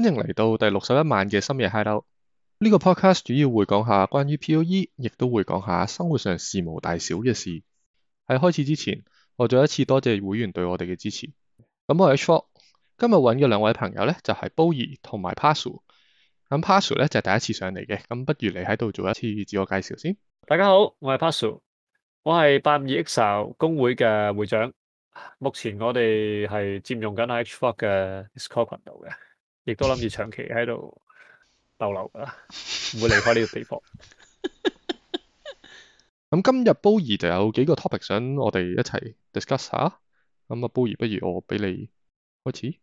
歡迎嚟到第六十一晚嘅深夜 Hideout。呢、呢個 podcast 主要會講下關於 POE，亦都會講下生活上事無大小嘅事。喺開始之前，我再一次多謝會員對我哋嘅支持。咁我係 h b o x 今日揾嘅兩位朋友咧就係、是、b o e 同埋 p a s c，咁 p a s c a 咧就係、是、第一次上嚟嘅，咁不如你喺度做一次自我介紹先。大家好，我係 p a s c，我係八十二億 Xbox 工會嘅會長。目前我哋係佔用緊喺 Xbox 嘅 Discord 頻道嘅。亦都諗住長期喺度逗留㗎，唔會離開呢個地方。咁 今日 Boyi 就有幾個 topic 想我哋一齊 discuss 一下咁啊 Boyi 不如我俾你開始。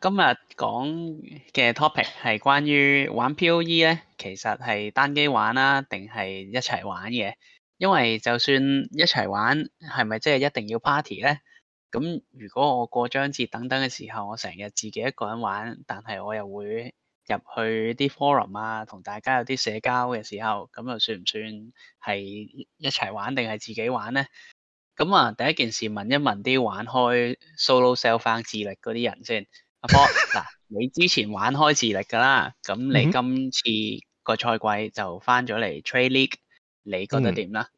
今日講嘅 topic 係關於玩 P.O.E 咧，其實係單機玩啦、啊，定係一齊玩嘅？因為就算一齊玩，係咪即係一定要 party 咧？咁如果我過章節等等嘅時候，我成日自己一個人玩，但係我又會入去啲 forum 啊，同大家有啲社交嘅時候，咁又算唔算係一齊玩定係自己玩咧？咁啊，第一件事問一問啲玩開 Solo Self-Found 自力嗰啲人先。阿波，嗱、 啊，你之前玩開自力㗎啦，咁你今次個賽季就返咗嚟 Trade League，你覺得點啦？嗯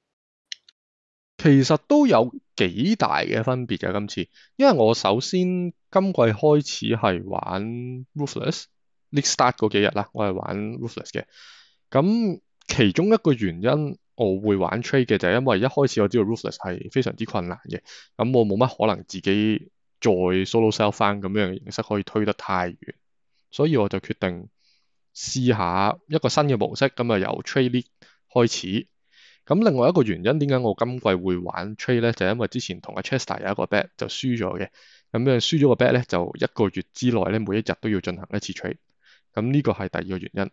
其實都有幾大嘅分別嘅今次，因為我首先今季開始係玩 r u t h l e s s l i s t start 嗰幾日啦，我係玩 r u t h l e s s 嘅。咁其中一個原因我會玩 Trade 嘅就係因為一開始我知道 r u t h l e s s 係非常之困難嘅，咁我冇乜可能自己再 Solo Sell 翻，咁樣形式可以推得太遠，所以我就決定試一下一個新嘅模式，咁啊由 Trade l 啲開始。咁另外一個原因點解我今季會玩 trade 咧，就係因為之前同阿 Chester 有一個 bet 就輸咗嘅。咁樣輸咗個 bet 咧，就一個月之內咧，每一日都要進行一次 trade。咁呢個係第二個原因。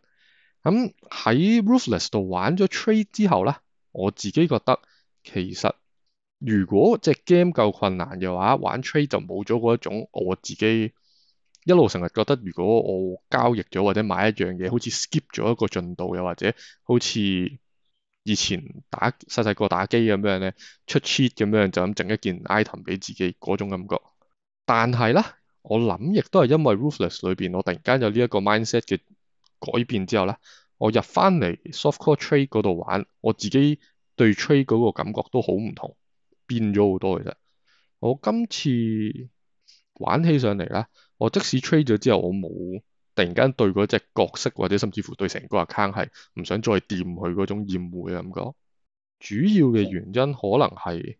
咁喺 Ruthless 度玩咗 trade 之後咧，我自己覺得其實如果隻 game 夠困難嘅話，玩 trade 就冇咗嗰一種我自己一路成日覺得，如果我交易咗或者買一樣嘢，好似 skip 咗一個進度，又或者好似。以前打細細個打機咁樣咧，出 cheat 咁樣就咁整一件 item 俾自己嗰種感覺。但係咧，我諗亦都係因為 Ruthless 裏邊，我突然間有呢一個 mindset 嘅改變之後咧，我入翻嚟 softcore trade 嗰度玩，我自己對 trade 嗰個感覺都好唔同，變咗好多其實。我今次玩起上嚟咧，我即使 trade 咗之後，我冇。突然間對嗰隻角色，或者甚至乎對成個 account 係唔想再掂佢嗰種厭惡啊咁講。主要嘅原因可能係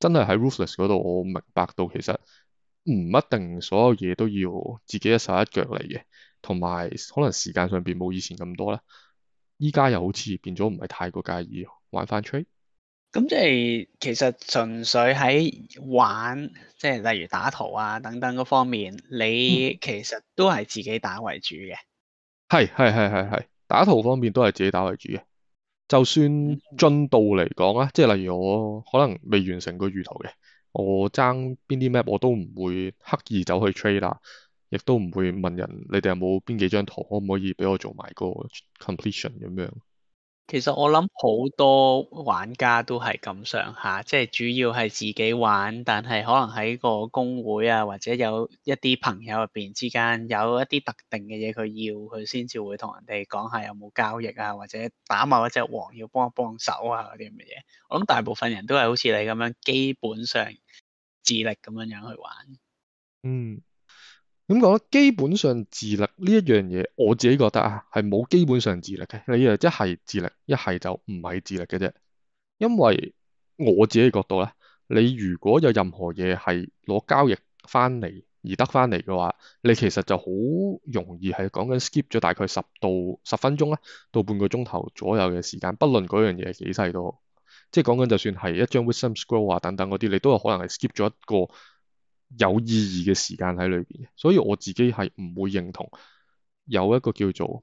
真係喺 Ruthless 嗰度，我明白到其實唔一定所有嘢都要自己一手一腳嚟嘅，同埋可能時間上邊冇以前咁多啦。依家又好似變咗唔係太過介意玩翻 trade。咁即係其實純粹喺玩，即係例如打圖啊等等嗰方面，你其實都係自己打為主嘅。係係係係係，打圖方面都係自己打為主嘅。就算進度嚟講啊， 即係例如我可能未完成個預圖嘅，我爭邊啲咩我都唔會刻意走去 trade 啦，亦都唔會問人你哋有冇邊幾張圖，可唔可以俾我做埋個 completion 咁樣。其實我諗好多玩家都係咁上下，即係主要係自己玩，但係可能喺個公會啊，或者有一啲朋友入邊之間有一啲特定嘅嘢，佢要佢先至會同人哋講下有冇交易啊，或者打某一隻王要幫一幫手啊嗰啲咁嘅嘢。我諗大部分人都係好似你咁樣，基本上自力咁樣樣去玩。嗯。點講咧？基本上自力呢一樣嘢，我自己覺得啊，係冇基本上自力嘅。你啊，一係自力，一係就唔係自力嘅啫。因為我自己嘅角度咧，你如果有任何嘢係攞交易翻嚟而得翻嚟嘅話，你其實就好容易係講緊 skip 咗大概十到十分鐘啦、啊，到半個鐘頭左右嘅時間，不論嗰樣嘢係幾細都，即係講緊就算係一張 Wisdom Scroll 啊等等嗰啲，你都有可能係 skip 咗一個。有意義嘅時間喺裏邊，所以我自己係唔會認同有一個叫做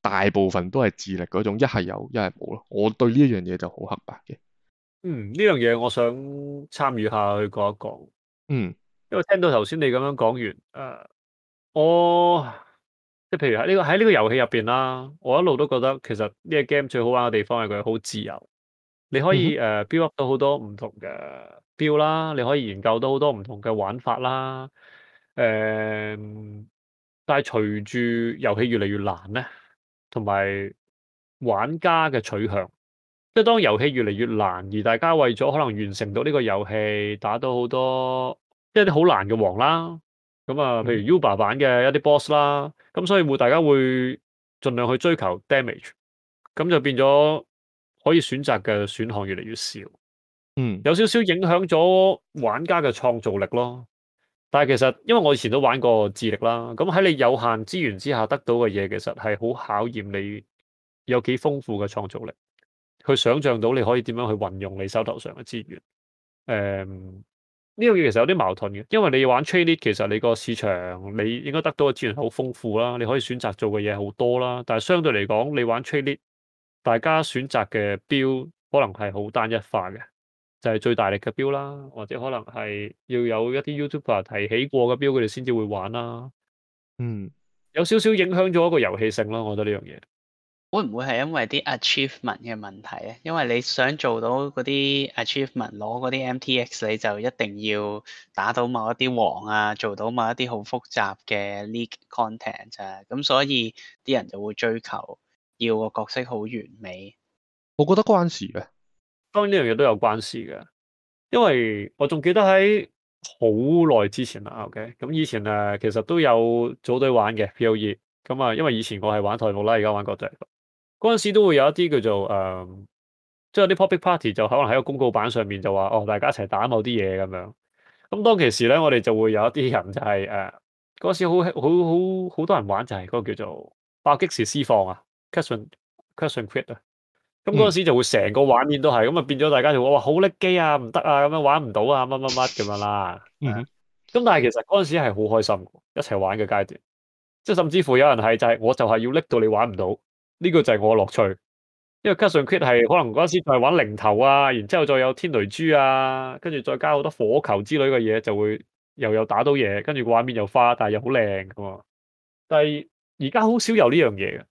大部分都係智力嗰種，一係有一係冇咯。我對呢一樣嘢就好黑白嘅。嗯，呢樣嘢我想參與下去講一講。嗯，因為聽到頭先你咁樣講完，誒、呃，我即係譬如喺呢、這個喺呢個遊戲入邊啦，我一路都覺得其實呢個 game 最好玩嘅地方係佢好自由，你可以誒、嗯哼呃、build up 到好多唔同嘅。標啦，你可以研究到好多唔同嘅玩法啦。誒、嗯，但係隨住遊戲越嚟越難咧，同埋玩家嘅取向，即係當遊戲越嚟越難，而大家為咗可能完成到呢個遊戲，打到好多一啲好難嘅王啦。咁啊，譬如 Uber 版嘅一啲 Boss 啦，咁、嗯、所以會大家會盡量去追求 damage，咁就變咗可以選擇嘅選項越嚟越少。嗯，有少少影響咗玩家嘅創造力咯。但係其實因為我以前都玩過智力啦，咁喺你有限資源之下得到嘅嘢，其實係好考驗你有幾豐富嘅創造力，去想象到你可以點樣去運用你手頭上嘅資源。誒、嗯，呢樣嘢其實有啲矛盾嘅，因為你玩 trade league，其實你個市場你應該得到嘅資源好豐富啦，你可以選擇做嘅嘢好多啦。但係相對嚟講，你玩 trade league，大家選擇嘅 build 可能係好單一化嘅。就係最大力嘅標啦，或者可能係要有一啲 YouTuber 提起過嘅標，佢哋先至會玩啦。嗯，有少少影響咗一個遊戲性咯，我覺得呢樣嘢會唔會係因為啲 achievement 嘅問題咧？因為你想做到嗰啲 achievement 攞嗰啲 MTX，你就一定要打到某一啲王啊，做到某一啲好複雜嘅 league content 啊。咁所以啲人就會追求要個角色好完美。我覺得關事嘅。當然呢樣嘢都有關事嘅，因為我仲記得喺好耐之前啦。OK，咁以前誒其實都有組隊玩嘅 POE。咁啊，因為以前我係玩台服啦，而家玩國際。嗰陣時都會有一啲叫做誒，即係啲 public party，就可能喺個公告板上面就話哦，大家一齊打某啲嘢咁樣。咁當其時咧，我哋就會有一啲人就係、是、誒、嗰、啊、時好好好好多人玩就係嗰個叫做暴擊時施放啊，question question quit 啊。咁嗰陣時就會成個畫面都係，咁啊變咗大家就話：哇，好叻機啊，唔得啊，咁樣玩唔到啊，乜乜乜咁樣啦。咁、嗯啊、但係其實嗰陣時係好開心，一齊玩嘅階段。即係甚至乎有人係就係、是，我就係要叻到你玩唔到，呢、這個就係我樂趣。因為加上 Krit 係可能嗰陣時就係玩零頭啊，然之後再有天雷珠啊，跟住再加好多火球之類嘅嘢，就會又有打到嘢，跟住個畫面又花，但係又好靚嘅。但係而家好少有呢樣嘢嘅。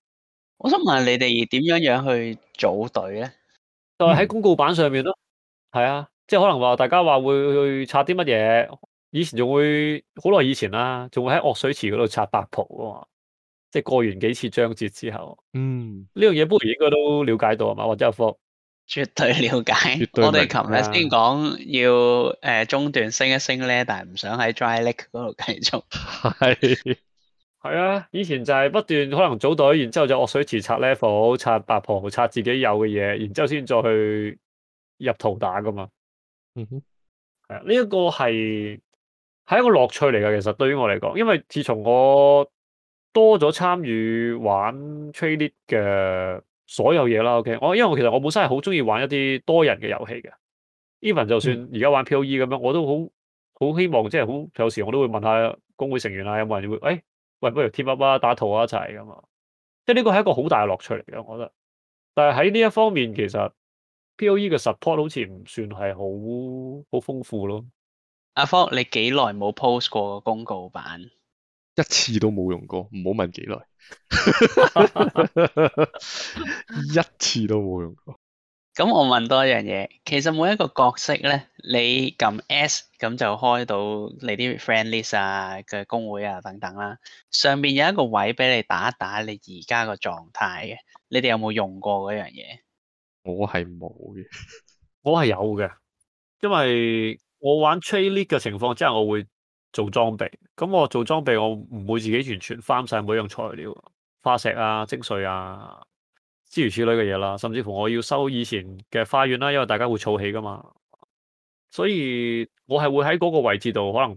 我想問下你哋點樣樣去組隊咧？就係喺公告板上面咯。係、嗯、啊，即係可能話大家話會去拆啲乜嘢？以前仲會好耐以前啦，仲會喺惡水池嗰度拆白袍啊嘛？即係過完幾次章節之後，嗯，呢樣嘢波士應該都了解到啊嘛？或者阿科絕對了解。了我哋琴日先講要誒、呃、中段升一升咧，但係唔想喺 Dry Lake 嗰度繼續。係。 係啊，以前就係不斷可能組隊，然之後就惡水池拆 level，拆八婆，拆自己有嘅嘢，然之後先再去入圖打噶嘛。嗯哼，係啊，呢一個係係一個樂趣嚟噶。其實對於我嚟講，因為自從我多咗參與玩 trading 嘅所有嘢啦，OK，我因為我其實我本身係好中意玩一啲多人嘅遊戲嘅。Even 就算而家玩 POE 咁樣，嗯、我都好好希望即係好有時我都會問下工會成員啊，有冇人會誒。哎喂，不如 team up 打圖一齊吖嘛？即係呢個係一個好大嘅樂趣嚟嘅，我覺得。但係喺呢一方面，其實 POE 嘅 support 好似唔算係好好豐富咯。阿方，你幾耐冇 post 過公告版？一次都冇用過，唔好問幾耐， 一次都冇用過。咁我問多一樣嘢，其實每一個角色咧，你撳 S 咁就開到你啲 friend list 啊嘅公會啊等等啦。上邊有一個位俾你打一打你而家個狀態嘅，你哋有冇用過嗰樣嘢？我係冇嘅， 我係有嘅，因為我玩 trade league 嘅情況之下，我會做裝備。咁、嗯、我做裝備，我唔會自己完全翻晒每樣材料、化石啊、精髓啊。諸如此類嘅嘢啦，甚至乎我要收以前嘅花園啦，因為大家會儲起㗎嘛，所以我係會喺嗰個位置度，可能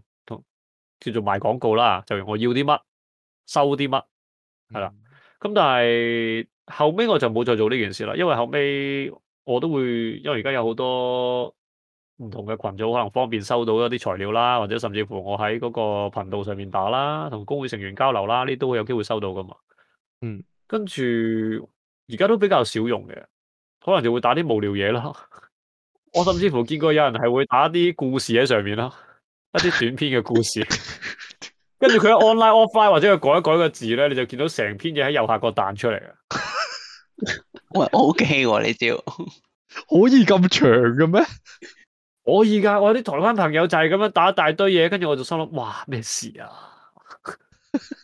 叫做賣廣告啦，就我要啲乜收啲乜，係啦。咁、嗯、但係後尾我就冇再做呢件事啦，因為後尾我都會，因為而家有好多唔同嘅群組，可能方便收到一啲材料啦，或者甚至乎我喺嗰個頻道上面打啦，同公會成員交流啦，呢都會有機會收到㗎嘛。嗯，跟住。而家都比較少用嘅，可能就會打啲無聊嘢啦。我甚至乎見過有人係會打啲故事喺上面啦， 一啲短篇嘅故事。跟 住佢 online offline 或者佢改一改個字咧，你就見到成篇嘢喺右下角彈出嚟嘅。 喂，O K 喎，你知 可以咁長嘅咩？可以噶，我啲台灣朋友就係咁樣打一大堆嘢，跟住我就心諗，哇，咩事啊？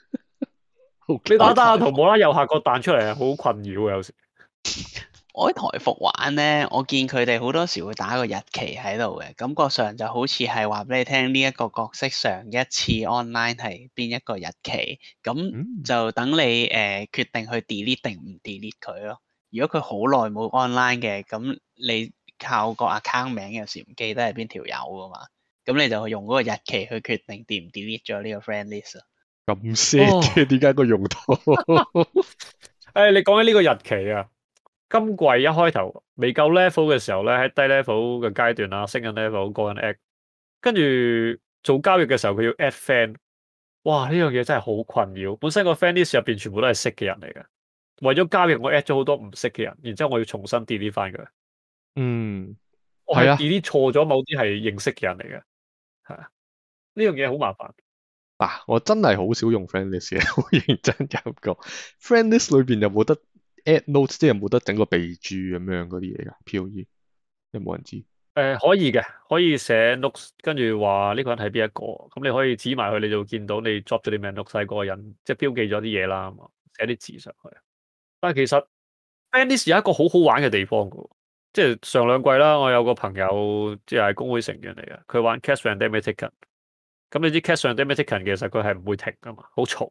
你 Okay, 打打下圖冇啦，右下角彈出嚟好 困擾啊！有時我喺台服玩咧，我見佢哋好多時會打個日期喺度嘅，感覺上就好似係話俾你聽呢一個角色上一次 online 係邊一個日期，咁就等你誒、嗯呃、決定去 delete 定唔 delete 佢咯。如果佢好耐冇 online 嘅，咁你靠個 account 名有時唔記得係邊條友啊嘛，咁你就用嗰個日期去決定 delete 唔 delete 咗呢個 friend list。咁鮮嘅，點解個用途？誒，你講緊呢個日期啊，今季一開頭未夠 level 嘅時候咧，喺低 level 嘅階段啦，升緊 level，個人 add，跟住做交易嘅時候，佢要 add friend。哇，呢樣嘢真係好困擾。本身個 friend list 入邊全部都係識嘅人嚟嘅，為咗交易，我 add 咗好多唔識嘅人，然之後我要重新 delete 翻佢。嗯，係啊 delete 錯咗某啲係認識嘅人嚟嘅，係啊，呢樣嘢好麻煩。嗱、啊，我真係好少用 friendless 嘅，好認真入過。 friendless 裏邊有冇得 add notes，即係冇得整個備注咁樣嗰啲嘢噶？P.O.E 有冇人知？誒、呃，可以嘅，可以寫 notes，跟住話呢個人係邊一個，咁你可以指埋佢，你就見到你 drop 咗啲名錄曬嗰個人，即係標記咗啲嘢啦嘛，寫啲字上去。但係其實 friendless 有一個好好玩嘅地方嘅，即係上兩季啦，我有個朋友即係公會成員嚟嘅，佢玩 cash random ticket 咁你啲《Cast on Damage Taken》其實佢係唔會停噶嘛，好嘈。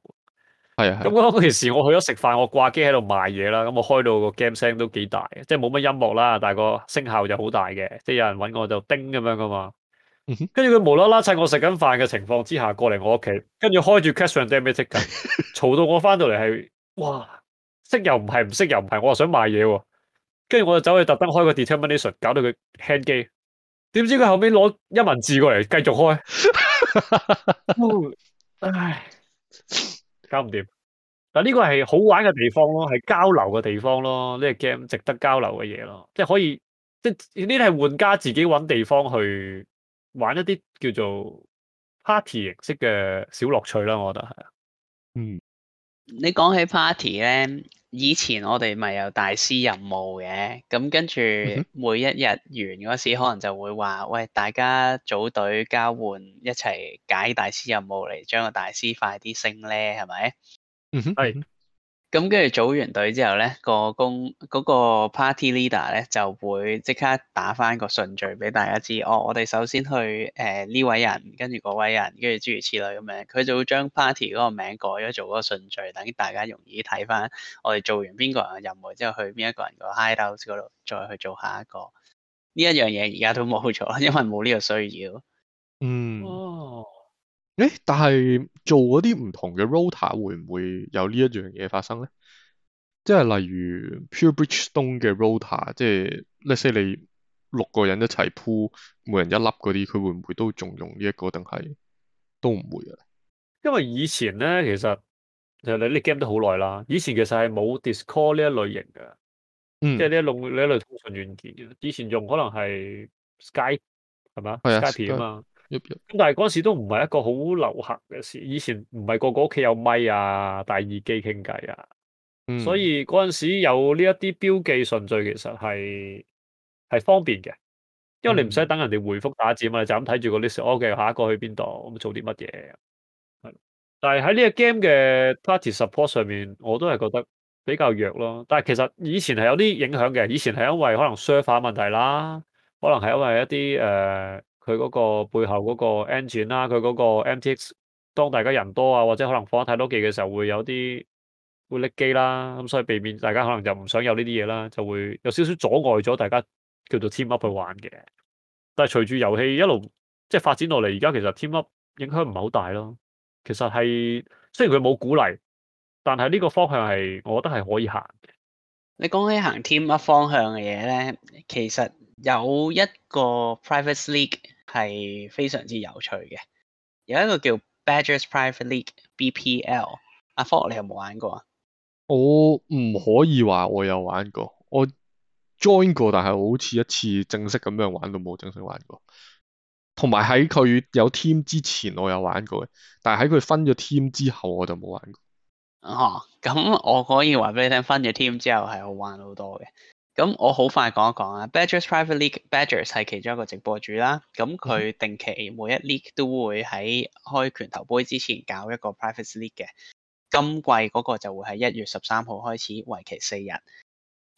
係啊，咁嗰陣時我去咗食飯，我掛機喺度賣嘢啦。咁我開到個 game 聲都幾大嘅，即係冇乜音樂啦，但係個聲效就好大嘅。即係有人揾我就叮咁樣噶嘛。跟住佢無啦啦趁我食緊飯嘅情況之下過嚟我屋企，跟住開住《Cast on Damage Taken》，嘈到我翻到嚟係哇，熄又唔係，唔熄又唔係，我話想賣嘢喎、啊。跟住我就走去特登開個《Determination》，搞到佢 hand 機。點知佢後尾攞一文字過嚟繼續開。 唉，搞唔掂。但呢個係好玩嘅地方咯，係交流嘅地方咯，呢個 game 值得交流嘅嘢咯，即係可以，即係呢啲係玩家自己揾地方去玩一啲叫做 party 形式嘅小樂趣啦。我覺得係。嗯，你講起 party 咧。以前我哋咪有大師任務嘅，咁跟住每一日完嗰時，mm hmm. 可能就會話：喂，大家組隊交換，一齊解大師任務嚟，將個大師快啲升咧，係咪？嗯、mm，係、hmm. 咁跟住組完隊之後咧，個公嗰個 party leader 咧就會即刻打返個順序俾大家知。哦，我哋首先去誒呢位人，跟住嗰位人，跟住諸如此類咁樣。佢就會將 party 嗰個名改咗做嗰個順序，等大家容易睇返。我哋做完邊個人嘅任務之後，去邊一個人個 hideout 嗰度再去做下一個。呢一樣嘢而家都冇咗，因為冇呢個需要。嗯。誒、欸，但係做嗰啲唔同嘅 rota 會唔會有呢一樣嘢發生咧？即係例如 Pure Breachstone 嘅 rota，即係 let say 你六個人一齊鋪，每人一粒嗰啲，佢會唔會都仲用呢一個？定係都唔會啊？因為以前咧，其實其實你啲 game 都好耐啦。以前其實係冇 Discord 呢一類型嘅，嗯、即係呢一類呢一類通訊軟件。以前用可能係 Skype 係咪？係 Skype 啊嘛。咁但係嗰陣時都唔係一個好流行嘅事，以前唔係個個屋企有咪啊，戴耳機傾偈啊，嗯、所以嗰陣時有呢一啲標記順序其實係係方便嘅，因為你唔使等人哋回覆打字啊，嗯、就咁睇住個 list，我嘅下一個去邊度，咁做啲乜嘢。係，但係喺呢個 game 嘅 party support 上面，我都係覺得比較弱咯。但係其實以前係有啲影響嘅，以前係因為可能 server 問題啦，可能係因為一啲誒。呃佢嗰個背後嗰個 engine 啦，佢嗰個 MTX，當大家人多啊，或者可能放得太多記嘅時候，會有啲會裂機啦，咁所以避免大家可能就唔想有呢啲嘢啦，就會有少少阻礙咗大家叫做 team up 去玩嘅。但係隨住遊戲一路即係發展落嚟，而家其實 team up 影響唔係好大咯。其實係雖然佢冇鼓勵，但係呢個方向係我覺得係可以行嘅。你講起行 team up 方向嘅嘢咧，其實有一個 private league。係非常之有趣嘅，有一個叫 Badgers Private League BPL。阿 Ford 你有冇玩過啊？我唔可以話我有玩過，我 join 過，但係好似一次正式咁樣玩過，冇正式玩過。同埋喺佢有，有 team 之前，我有玩過嘅，但係喺佢分咗 team 之後，我就冇玩過。哦，咁我可以話俾你聽，分咗 team 之後係好玩好多嘅。咁我好快講一講啊，Badgers Private League，Badgers 係其中一個直播主啦。咁佢定期每一 league 都會喺開拳頭杯之前搞一個 private league 嘅。今季嗰個就會喺一月十三號開始，為期四日。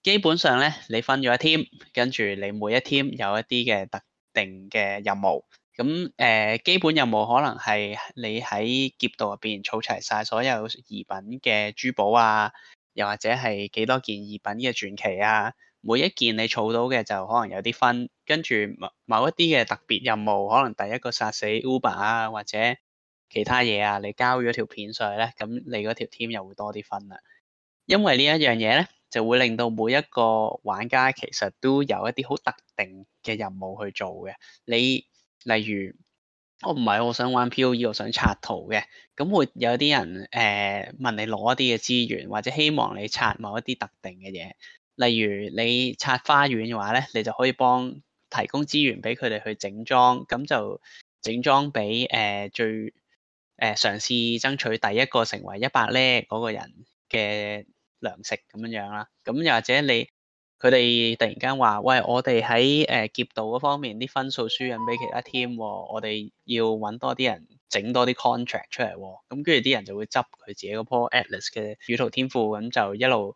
基本上咧，你分咗一 team，跟住你每一 team 有一啲嘅特定嘅任務。咁誒、呃，基本任務可能係你喺劫度入邊儲齊晒所有異品嘅珠寶啊，又或者係幾多件異品嘅傳奇啊。每一件你儲到嘅就可能有啲分，跟住某某一啲嘅特別任務，可能第一個殺死 Uber 啊，或者其他嘢啊，你交咗條片上去咧，咁你嗰條 team 又會多啲分啦。因為呢一樣嘢咧，就會令到每一個玩家其實都有一啲好特定嘅任務去做嘅。你例如我唔係好我想玩 POE，我想刷圖嘅，咁會有啲人誒、呃、問你攞一啲嘅資源，或者希望你刷某一啲特定嘅嘢。例如你拆花園嘅話咧，你就可以幫提供資源俾佢哋去整裝，咁就整裝俾誒、呃、最誒、呃、嘗試爭取第一個成為一百咧嗰個人嘅糧食咁樣樣啦。咁又或者你佢哋突然間話：喂，我哋喺誒劫盜嗰方面啲分數輸緊俾其他 team，我哋要揾多啲人整多啲 contract 出嚟。咁跟住啲人就會執佢自己嗰樖 Atlas 嘅語圖天賦，咁就一路。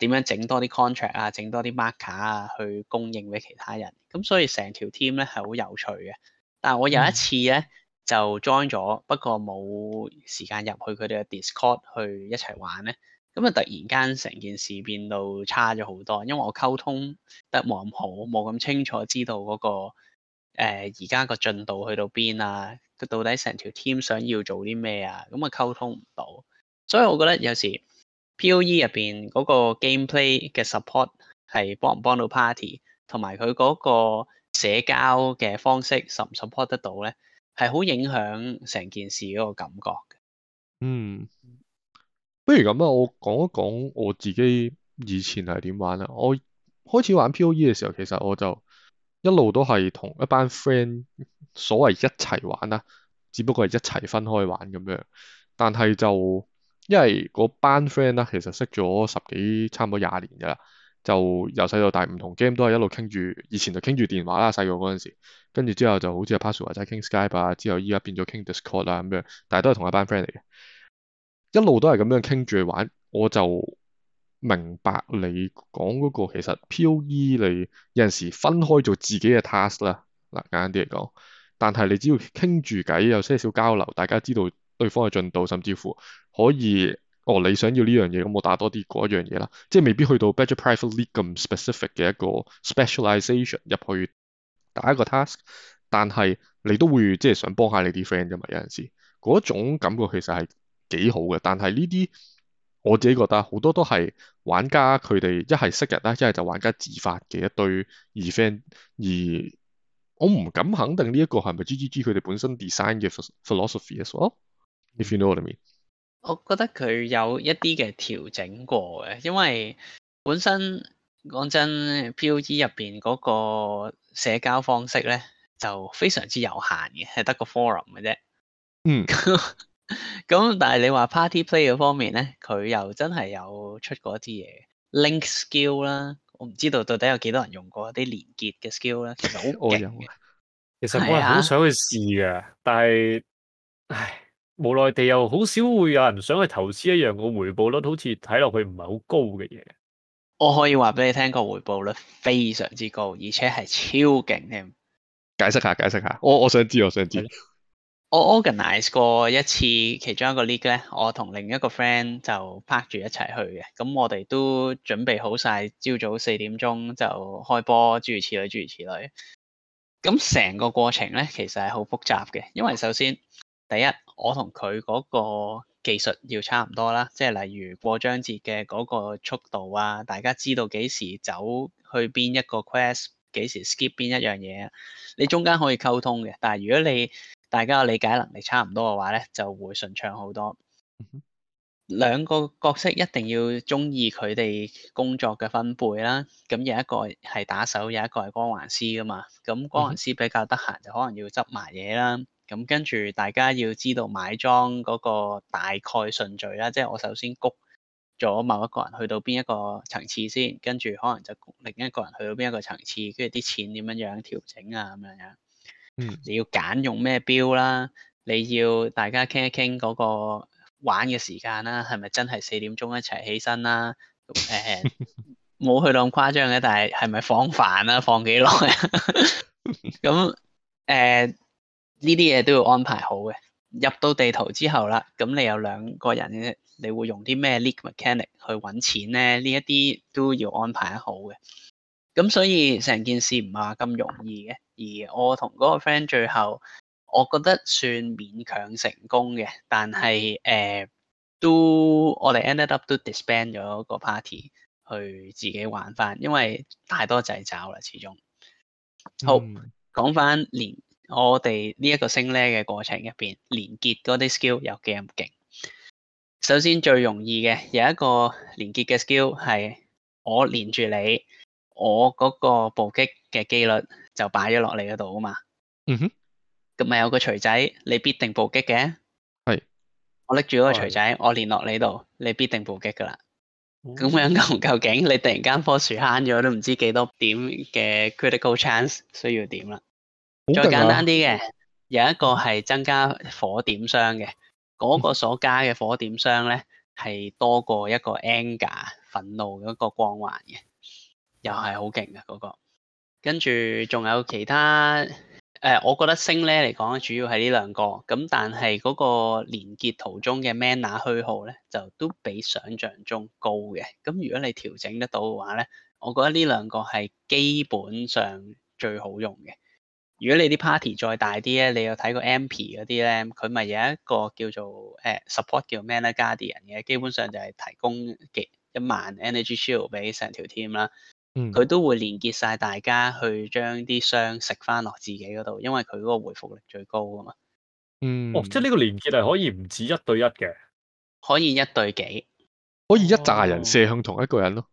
點樣整多啲 contract 啊，整多啲 mark 卡、er、啊，去供應俾其他人。咁所以成條 team 咧係好有趣嘅。但係我有一次咧就 join 咗，嗯、不過冇時間入去佢哋嘅 Discord 去一齊玩咧。咁啊，突然間成件事變到差咗好多，因為我溝通得冇咁好，冇咁清楚知道嗰、那個誒而家個進度去到邊啊？佢到底成條 team 想要做啲咩啊？咁啊，溝通唔到，所以我覺得有時。P.O.E 入邊嗰個 gameplay 嘅 support 係幫唔幫到 party，同埋佢嗰個社交嘅方式 support 得到咧，係好影響成件事嗰個感覺嘅。嗯，不如咁啊，我講一講我自己以前係點玩啊。我開始玩 P.O.E 嘅時候，其實我就一路都係同一班 friend 所謂一齊玩啦，只不過係一齊分開玩咁樣，但係就因為嗰班 friend 啦、啊，其實識咗十幾，差唔多廿年㗎啦，就由細到大，唔同 game 都係一路傾住，以前就傾住電話啦，細個嗰陣時，跟住之後就好似阿 passive、so、或者傾 Skype 啊，之後依家變咗傾 Discord 啊咁樣，但係都係同一班 friend 嚟嘅，一路都係咁樣傾住去玩，我就明白你講嗰個其實 POE 你有陣時分開做自己嘅 task 啦，嗱簡單啲嚟講，但係你只要傾住偈有些少交流，大家知道，對方嘅進度，甚至乎可以哦，你想要呢樣嘢，咁我打多啲嗰一樣嘢啦，即係未必去到 better private league 咁 specific 嘅一個 specialization 入去打一個 task，但係你都會即係想幫下你啲 friend 㗎嘛，有陣時嗰種感覺其實係幾好嘅。但係呢啲我自己覺得好多都係玩家佢哋一係識人啦，一係就玩家自發嘅一堆二、e、friend，而我唔敢肯定呢一個係咪 GGG 佢哋本身 design 嘅 philosophy as 如果你知道我意思，you know what I mean. 我覺得佢有一啲嘅調整過嘅，因為本身講真，P.O.E 入邊嗰個社交方式咧就非常之有限嘅，係得個 forum 嘅啫。嗯，咁 但係你話 Party Play 嗰方面咧，佢又真係有出過一啲嘢，link skill 啦，我唔知道到底有幾多人用過一啲連結嘅 skill 咧。其實好用勁， 其實我係好想去試嘅，啊、但係，唉。無奈地又好少會有人想去投資一樣個回報率好似睇落去唔係好高嘅嘢。我可以話俾你聽，個回報率非常之高，而且係超勁添。解釋下，解釋下，我我想知，我想知。我， 我 organize 過一次其中一個 league 咧，我同另一個 friend 就拍住一齊去嘅。咁我哋都準備好晒，朝早四點鐘就開波，諸如此類，諸如此類。咁成個過程咧，其實係好複雜嘅，因為首先。第一，我同佢嗰個技術要差唔多啦，即係例如過章節嘅嗰個速度啊，大家知道幾時走去邊一個 quest，幾時 skip 邊一樣嘢，你中間可以溝通嘅。但係如果你大家理解能力差唔多嘅話咧，就會順暢好多。兩個角色一定要鍾意佢哋工作嘅分配啦，咁有一個係打手，有一個係光環師㗎嘛，咁光環師比較得閒就可能要執埋嘢啦。咁跟住，大家要知道買裝嗰個大概順序啦，即係我首先谷咗某一個人去到邊一個層次先，跟住可能就另一個人去到邊一個層次，跟住啲錢點樣樣調整啊咁樣樣。你要揀用咩標啦，你要大家傾一傾嗰個玩嘅時間啦，係咪真係四點鐘一齊起身啦？誒、呃，冇 去到咁誇張嘅，但係係咪放飯啊？放幾耐啊？咁 誒、嗯？呃呢啲嘢都要安排好嘅。入到地圖之後啦，咁你有兩個人咧，你會用啲咩 league mechanic 去揾錢咧？呢一啲都要安排好嘅。咁所以成件事唔係話咁容易嘅。而我同嗰個 friend 最後，我覺得算勉強成功嘅，但係誒、呃、都我哋 ended up 都 disband 咗個 party 去自己玩翻，因為太多掣肘啦，始終。好，講翻連。我哋呢一個升呢嘅過程入邊，連結嗰啲 skill 有幾咁勁？首先最容易嘅有一個連結嘅 skill 係我連住你，我嗰個暴擊嘅機率就擺咗落你嗰度啊嘛。嗯哼。咁咪有個鎚仔，你必定暴擊嘅。係是。我拎住嗰個鎚仔，是我連落你度，你必定暴擊噶啦。咁、嗯、樣夠唔夠勁？你突然間棵樹慳咗都唔知幾多點嘅 critical chance 需要點啦。再簡單啲嘅，有一個係增加火點傷嘅，嗰個所加嘅火點傷咧係多過一個 anger 憤怒一個光環嘅，又係好勁嘅嗰個。跟住仲有其他誒，我覺得星咧嚟講咧，主要係呢兩個。咁但係嗰個連結途中嘅 mana 虛耗咧，就都比想象中高嘅。咁如果你調整得到嘅話咧，我覺得呢兩個係基本上最好用嘅。如果你啲 party 再大啲咧，你有睇過 MP 嗰啲咧，佢咪有一個叫做誒、呃、support 叫 Mana 咩咧？Guardian 嘅，基本上就係提供幾一萬 energy shield 俾成條 team 啦。佢、嗯、都會連結晒大家去將啲傷食翻落自己嗰度，因為佢嗰個回復力最高㗎嘛。嗯，哦，即係呢個連結係可以唔止一對一嘅，可以一對幾，可以一揸人射向同一個人咯，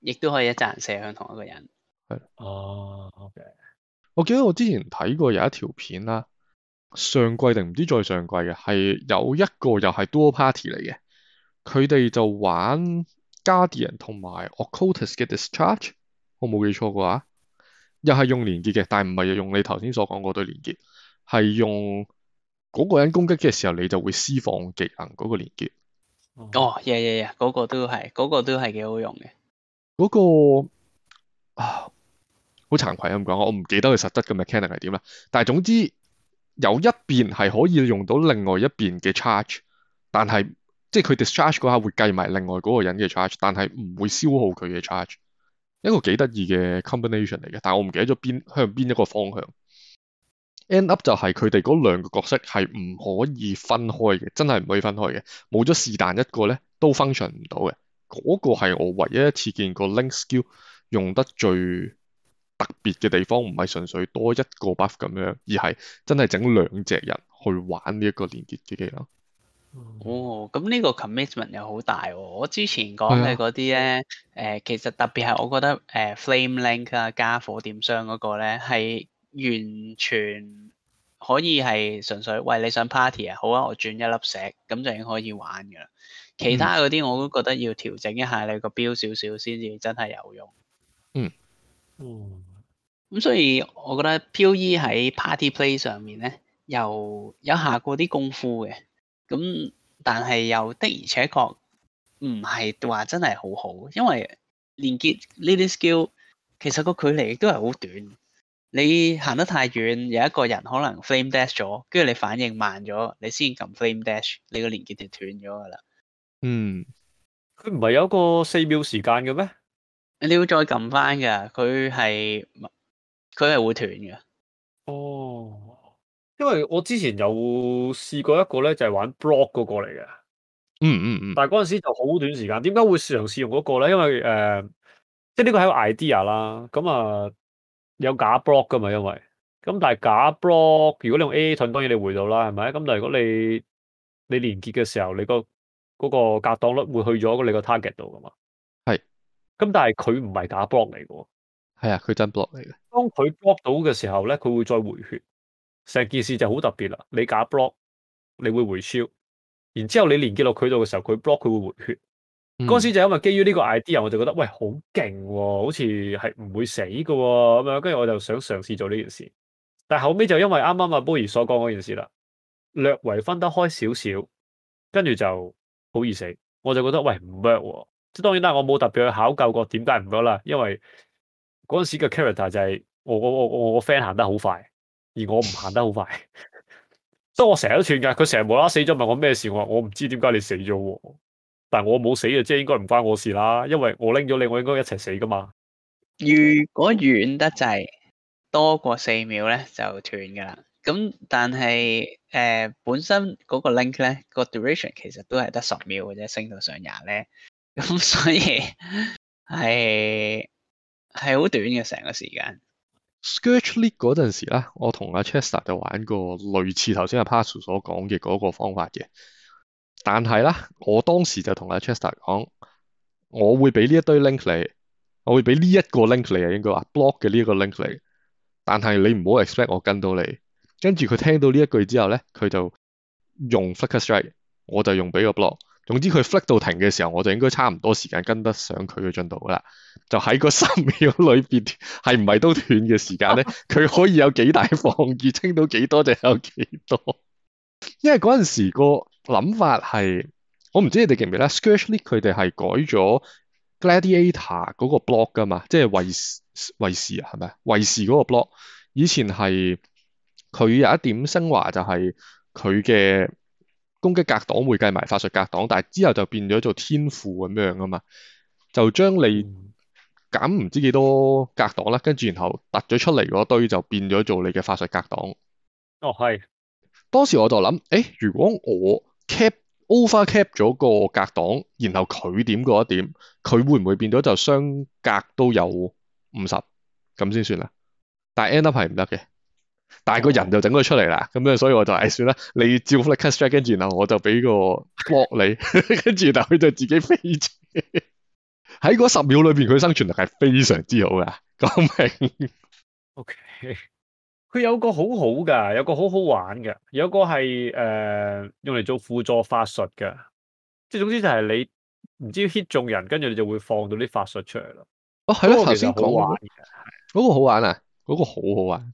亦都、哦哦、可以一揸人射向同一個人。係哦，OK。我記得我之前睇過有一條片啦，上季定唔知再上季嘅係有一個又係 Dual Party 嚟嘅，佢哋就玩 Guardian 同埋 Occultist 嘅 Discharge，我冇記錯嘅話，又係用連結嘅，但係唔係用你頭先所講嗰對連結，係用嗰個人攻擊嘅時候，你就會施放技能嗰個連結。哦耶耶耶，嗰個都係，嗰、嗰個都係幾好用嘅。嗰、嗰個啊。好慚愧啊！咁講，我唔記得佢實質嘅 mechanic 係點啦。但係總之有一邊係可以用到另外一邊嘅 charge，但係即係佢 discharge 嗰下會計埋另外嗰個人嘅 charge，但係唔會消耗佢嘅 charge。一個幾得意嘅 combination 嚟嘅，但係我唔記得咗邊向邊一個方向。End up 就係佢哋嗰兩個角色係唔可以分開嘅，真係唔可以分開嘅。冇咗是但一個咧，都 function 唔到嘅。嗰個係我唯一一次見過 Link Skill 用得最～特別嘅地方唔係純粹多一個 buff 咁樣，而係真係整兩隻人去玩呢一個連結機器咯。哦，咁呢個 commitment 又好大喎，哦。我之前講嘅嗰啲咧，誒的、呃，其實特別係我覺得誒、呃、Flame Link 啊加火點箱嗰個咧，係完全可以係純粹，喂，你想 party 啊，好啊，我轉一粒石咁就已經可以玩㗎啦。其他嗰啲我都覺得要調整一下你個標少少先至真係有用。嗯，嗯。咁所以，我覺得 POE 喺 Party Play 上面咧，又有下過啲功夫嘅。咁但係又的而且確唔係話真係好好，因為連結呢啲 skill 其實個距離都係好短。你行得太遠，有一個人可能 flame dash 咗，跟住你反應慢咗，你先撳 flame dash，你個連結就斷咗噶啦。嗯，佢唔係有個四秒時間嘅咩？你要再撳翻㗎，佢係。佢係會斷嘅，哦，因為我之前有試過一個咧，就係、是、玩 block 嗰個嚟嘅，嗯嗯嗯，但係嗰陣時就好短時間，點解會嘗試用嗰個咧？因為誒，即係呢個係個 idea 啦，咁、嗯、啊有假 block 噶嘛，因為，咁但係假 block，如果你用 AA 盾，當然你回到啦，係咪？咁但係如果你你連結嘅時候，你、那個嗰個格檔率會去咗你個 target 度噶嘛？係是，咁但係佢唔係假 block 嚟嘅。係啊，佢真 block 嚟嘅。當佢 block 到嘅時候咧，佢會再回血，成件事就好特別啦。你假 block，你會回燒，然之後你連結落佢度嘅時候，佢 block 佢會回血。嗰、嗯、時就因為基於呢個 idea，我就覺得喂好勁、哦，好似係唔會死嘅咁、哦、樣。跟住我就想嘗試做呢件事，但係後尾就因為啱啱阿 Boy 所講嗰件事啦，略為分得開少少，跟住就好易死。我就覺得喂唔 work 即係當然啦，我冇特別去考究過點解唔 work 啦，因為。嗰陣時嘅 character 就係我我我我個 friend 行得好快，而我唔行得好快，即 以我成日都斷㗎。佢成日無啦死咗，問我咩事？我話我唔知點解你死咗喎，但係我冇死啊，即係應該唔關我事啦，因為我拎咗你，我應該一齊死噶嘛。如果遠得滯多過四秒咧，就斷㗎啦。咁但係誒、呃、本身嗰個 link 咧個 duration 其實都係得十秒嘅啫，升到上廿咧，咁所以係。係好短嘅成個時間。s e a t c h l i t 嗰陣時咧，我同阿 Chester 就玩過類似頭先阿 p a r c e 所講嘅嗰個方法嘅。但係咧，我當時就同阿 Chester 講，我會俾呢一堆 link 你，我會俾呢一個 link 你，啊，應該話 block 嘅呢一個 link 你。」但係你唔好 expect 我跟到你。跟住佢聽到呢一句之後咧，佢就用 f o c u s t r a t e 我就用俾個 block。總之佢 flick 到停嘅時候，我就應該差唔多時間跟得上佢嘅進度噶啦。就喺個三秒裏邊，係唔係都斷嘅時間咧？佢可以有幾大放熱，清到幾多就有幾多。因為嗰陣時個諗法係，我唔知你哋記唔記得，Scratchly 佢哋係改咗 Gladiator 嗰個 blog 噶嘛，即係維視維視啊，係咪啊？維視嗰個 blog 以前係佢有一點昇華就係佢嘅。攻擊格擋會計埋法術格擋，但係之後就變咗做天賦咁樣啊嘛，就將你減唔知幾多格擋啦，跟住然後突咗出嚟嗰堆就變咗做你嘅法術格擋。哦，係。當時我就諗，誒、欸，如果我 cap over cap 咗個格擋，然後佢點嗰一點，佢會唔會變咗就雙格都有五十咁先算啊？但係 end up 係唔得嘅。但係個人就整咗出嚟啦，咁、哦、樣，所以我就係、哎、算啦。你照幅力 cast 然後我就俾個 lock 你，跟住但佢就自己飛起。喺嗰十秒裏邊，佢生存力係非常之好噶，講明。O K，佢有個好好噶，有個好好玩噶，有個係誒、呃、用嚟做輔助法術噶，即係總之就係你唔知 hit 中人，跟住你就會放到啲法術出嚟咯。哦，係咯，頭先、哦啊、講嗰個好玩啊，嗰、那個好玩、啊那個、好玩。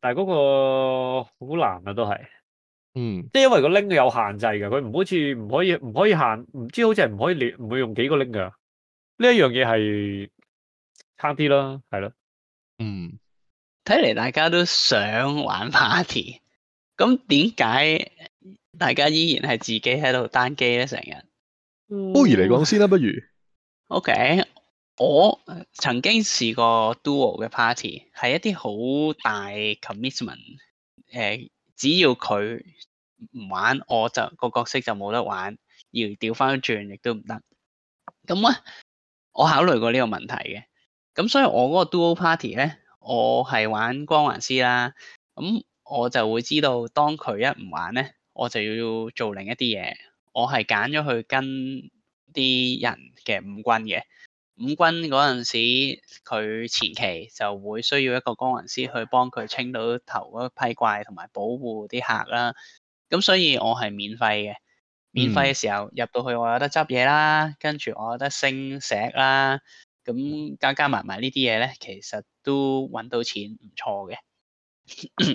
但係嗰個好難啊，都係，嗯，即係因為個 link 有限制嘅，佢唔好似唔可以唔可以限，唔知好似係唔可以連，唔會用幾個 link 噶，呢一樣嘢係差啲啦，係咯，嗯，睇嚟大家都想玩 party，咁點解大家依然係自己喺度單機咧成日？不如嚟講先啦，不如，OK。我曾經試過 duo 嘅 party，係一啲好大 commitment、呃。誒，只要佢唔玩，我就、個角色就冇得玩，要調翻轉亦都唔得。咁咧，我考慮過呢個問題嘅。咁所以我嗰個 duo party 咧，我係玩光環師啦。咁我就會知道，當佢一唔玩咧，我就要做另一啲嘢。我係揀咗去跟啲人嘅五軍嘅。五軍嗰陣時，佢前期就會需要一個光環師去幫佢清到頭嗰批怪，同埋保護啲客啦。咁所以我係免費嘅。免費嘅時候入到去，我有得執嘢啦，跟住我有得升石啦。咁加加埋埋呢啲嘢咧，其實都揾到錢唔錯嘅。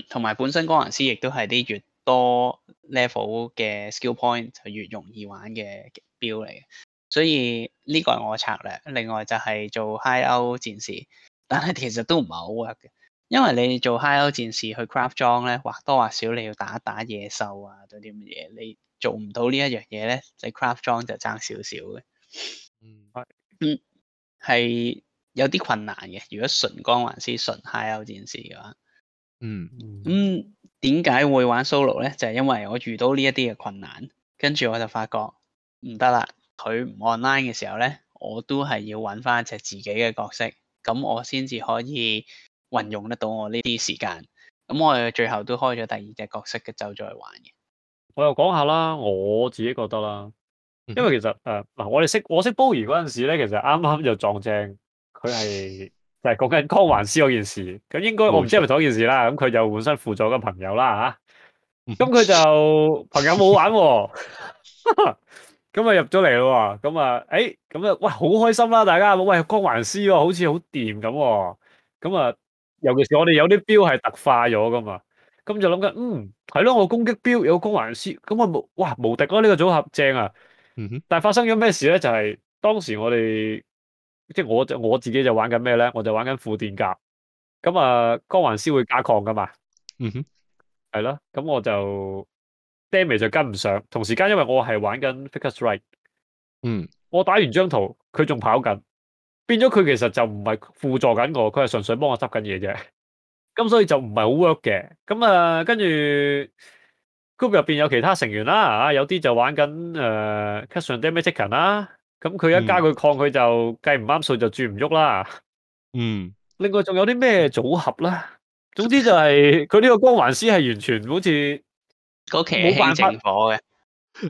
同埋 本身光環師亦都係啲越多 level 嘅 skill point 就越容易玩嘅標嚟。所以呢個係我策略，另外就係做 High 歐戰士，但係其實都唔係好 work 嘅，因為你做 High 歐戰士去 craft 裝咧，或多或少你要打打野獸啊，嗰啲乜嘢，你做唔到呢一樣嘢咧，你 craft 裝就爭少少嘅。Mm hmm. 嗯，嗯，係有啲困難嘅。如果純光環師、純 High 歐戰士嘅話，Mm hmm. 嗯，咁點解會玩 solo 咧？就係、是、因為我遇到呢一啲嘅困難，跟住我就發覺唔得啦。佢唔 online 嘅時候咧，我都係要揾翻隻自己嘅角色，咁我先至可以運用得到我呢啲時間。咁我哋最後都開咗第二隻角色嘅就再玩嘅。我又講下啦，我自己覺得啦，因為其實誒，嗱、呃，我哋識我識鮑魚嗰陣時咧，其實啱啱就撞正佢係就係講緊光環師嗰件事。咁應該我唔知係咪同一件事啦。咁佢就本身輔助個朋友啦吓，咁、啊、佢就朋友冇玩、啊。 咁啊入咗嚟咯喎，咁啊，誒、嗯，咁、欸、咧，哇，好開心啦、啊，大家，喂，光環師喎，好似好掂咁，咁、嗯、啊，尤其是我哋有啲標係突化咗噶嘛，咁就諗緊，嗯，係咯，我攻擊標有個光環師，咁啊，無，哇，無敵咯、啊，呢、這個組合正啊，但係發生咗咩事咧？就係、是、當時我哋，即係我就我自己就玩緊咩咧？我就玩緊負電甲，咁、嗯、啊，光環師會加抗噶嘛，嗯哼，係咯，咁我就。Dammy 就跟唔上，同時間因為我係玩緊 Flicker Strike 嗯，我打完張圖佢仲跑緊，變咗佢其實就唔係輔助緊我，佢係純粹幫我執緊嘢啫，咁所以就唔係好 work 嘅，咁啊跟住 group 入邊有其他成員啦，有呃、can，啊有啲就玩緊誒 Cast on Damage Taken 啦，咁佢一加佢抗佢就計唔啱數就轉唔喐啦，嗯，嗯另外仲有啲咩組合啦？總之就係佢呢個光環師係完全好似。嗰期係興政府嘅，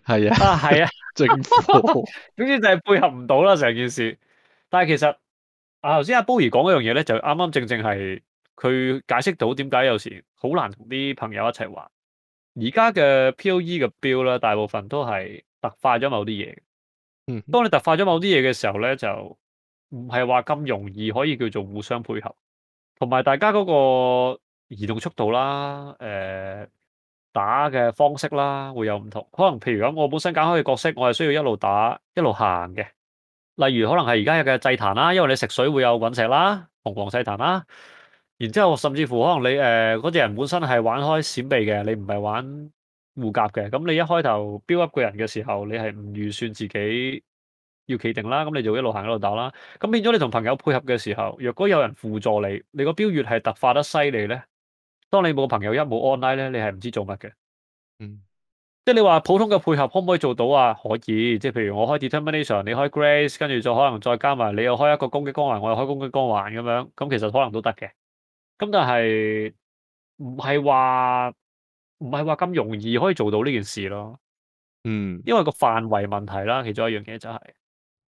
係啊，啊係啊，政府 總之就係配合唔到啦，成件事。但係其實，啊頭先阿 Boer 講嗰樣嘢咧，就啱啱正正係佢解釋到點解有時好難同啲朋友一齊玩。而家嘅 P O E 嘅標咧，大部分都係特化咗某啲嘢。嗯，當你特化咗某啲嘢嘅時候咧，就唔係話咁容易可以叫做互相配合，同埋大家嗰個移動速度啦，誒、呃。打嘅方式啦，會有唔同，可能譬如咁，我本身揀開嘅角色，我係需要一路打一路行嘅。例如可能係而家有嘅祭壇啦，因為你食水會有隕石啦、紅黃祭壇啦。然之後甚至乎可能你誒嗰啲嗰隻人本身係玩開閃避嘅，你唔係玩護甲嘅。咁你一開頭標 up 個人嘅時候，你係唔預算自己要企定啦。咁你就一路行一路打啦。咁變咗你同朋友配合嘅時候，若果有人輔助你，你個標越係突發得犀利咧。當你冇個朋友一冇 online 咧，你係唔知做乜嘅。嗯，即係你話普通嘅配合可唔可以做到啊？可以，即係譬如我開 determination，你開 grace，跟住就可能再加埋，你又開一個攻擊光環，我又開攻擊光環咁樣，咁其實可能都得嘅。咁但係唔係話唔係話咁容易可以做到呢件事咯。嗯，因為個範圍問題啦，其中一樣嘢就係，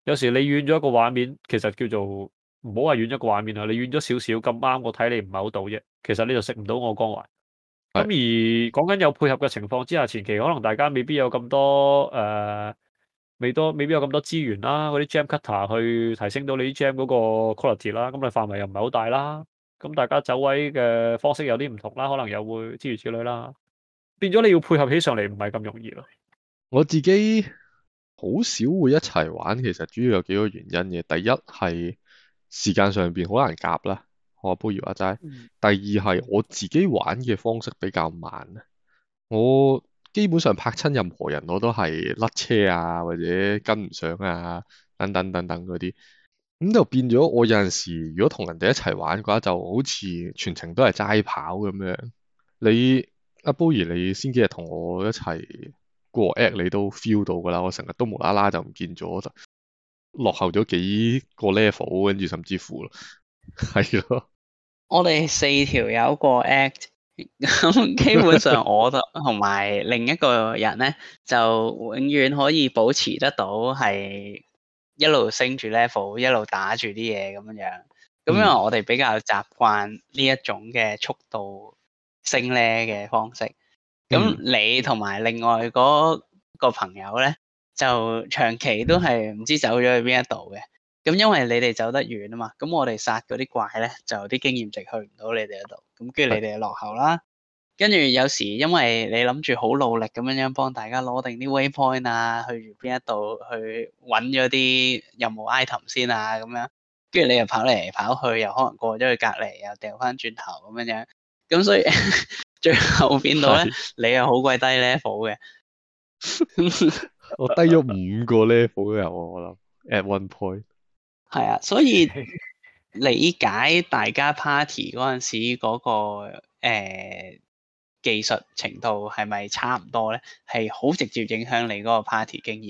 有時你遠咗一個畫面，其實叫做。唔好話遠咗個畫面啊！你遠咗少少咁啱，我睇你唔係好到啫。其實你就食唔到我光環。咁是的 而講緊有配合嘅情況之下，前期可能大家未必有咁多誒、呃，未多未必有咁多資源啦。嗰啲 gem cutter 去提升到你啲 gem 嗰個 quality 啦。咁你範圍又唔係好大啦。咁大家走位嘅方式有啲唔同啦，可能又會諸如此類啦。變咗你要配合起上嚟唔係咁容易咯。我自己好少會一齊玩，其實主要有幾個原因嘅。第一係，時間上邊好難夾啦，我阿波兒話齋。嗯、第二係我自己玩嘅方式比較慢，我基本上拍親任何人我都係甩車啊，或者跟唔上啊，等等等等嗰啲。咁就變咗我有陣時如果同人哋一齊玩嘅話，就好似全程都係齋跑咁樣。你阿波兒，你先幾日同我一齊過 act，你都 feel 到㗎啦。我成日都無啦啦就唔見咗落後咗幾個 level，跟住甚至乎咯，係咯。我哋四條有個 act，基本上我同同埋另一個人咧， 就永遠可以保持得到係一路升住 level，一路打住啲嘢咁樣。咁因為我哋比較習慣呢一種嘅速度升 level 嘅方式。咁你同埋另外嗰個朋友咧？就長期都係唔知走咗去邊一度嘅，咁因為你哋走得遠啊嘛，咁我哋殺嗰啲怪咧，就有啲經驗值去唔到你哋嗰度，咁跟住你哋就落後啦。跟住有時因為你諗住好努力咁樣幫大家攞定啲 waypoint 啊，去住邊一度去揾咗啲任務 item 先啊，咁樣，跟住你又跑嚟跑去，又可能過咗去隔離，又掉翻轉頭咁樣，咁所以 最後變到咧，你又好鬼低 level 嘅。 我低咗五個 level 嘅我，我諗 at one point 係啊，所以理解大家 party 嗰陣時嗰、嗰個誒、呃、技術程度係咪差唔多咧，係好直接影響你嗰個 party 經驗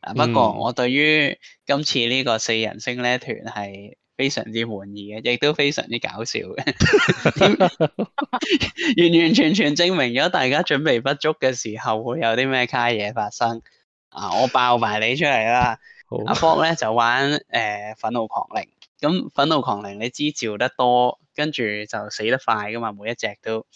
啊。不過我對於今次呢個四人星呢團係非常之滿意嘅，亦都非常之搞笑嘅， 完完全全證明咗大家準備不足嘅時候會有啲咩卡嘢發生。啊！我爆埋你出嚟啦，阿福咧就玩誒、呃、憤怒狂鷹，咁、嗯、憤怒狂鷹你知照得多，跟住就死得快噶嘛，每一隻都，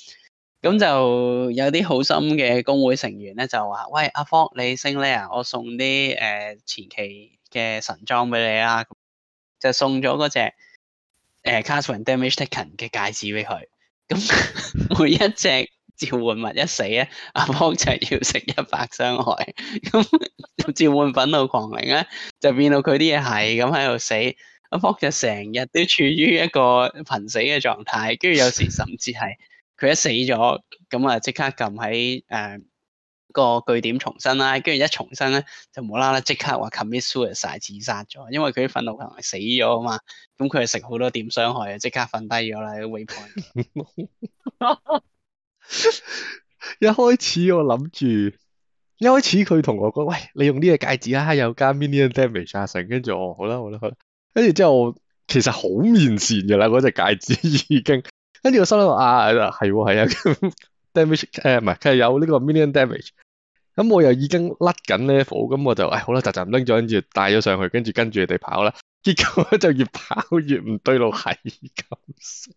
咁、嗯、就有啲好心嘅公會成員咧就話，喂，阿、啊、福，你升咧啊，我送啲誒、呃、前期嘅神裝俾你啦，嗯、就送咗嗰隻、呃、cast when damage taken 嘅戒指俾佢，咁、嗯嗯、每一隻。召喚物一死咧，阿福就要食一百傷害。咁 召喚憤怒狂靈咧，就變到佢啲嘢係咁喺度死。阿福就成日都處於一個瀕死嘅狀態，跟住有時甚至係佢一死咗，咁啊即刻撳喺誒個據點重生啦。跟住一重生咧，就冇啦啦即刻話 commit suicide 自殺咗，因為佢啲憤怒狂靈死咗啊嘛。咁佢就食好多點傷害啊，即刻瞓低咗啦。 一開始我諗住，一開始佢同我講，喂，你用呢隻戒指啊，有加 minion damage 啊！成跟住我，好啦，好啦，好啦，跟住之後，其實好面善嘅啦，嗰隻戒指已經，跟住我心諗：啊，係喎、啊，係啊，啊，啊 Dam age、呃、damage 誒、嗯，唔係，佢係有呢個 minion damage。咁我又已經甩緊 level 咁我就誒、哎，好啦，集集拎咗，跟住戴咗上去，跟住跟住佢哋跑啦。結果就越跑越唔對路，係咁，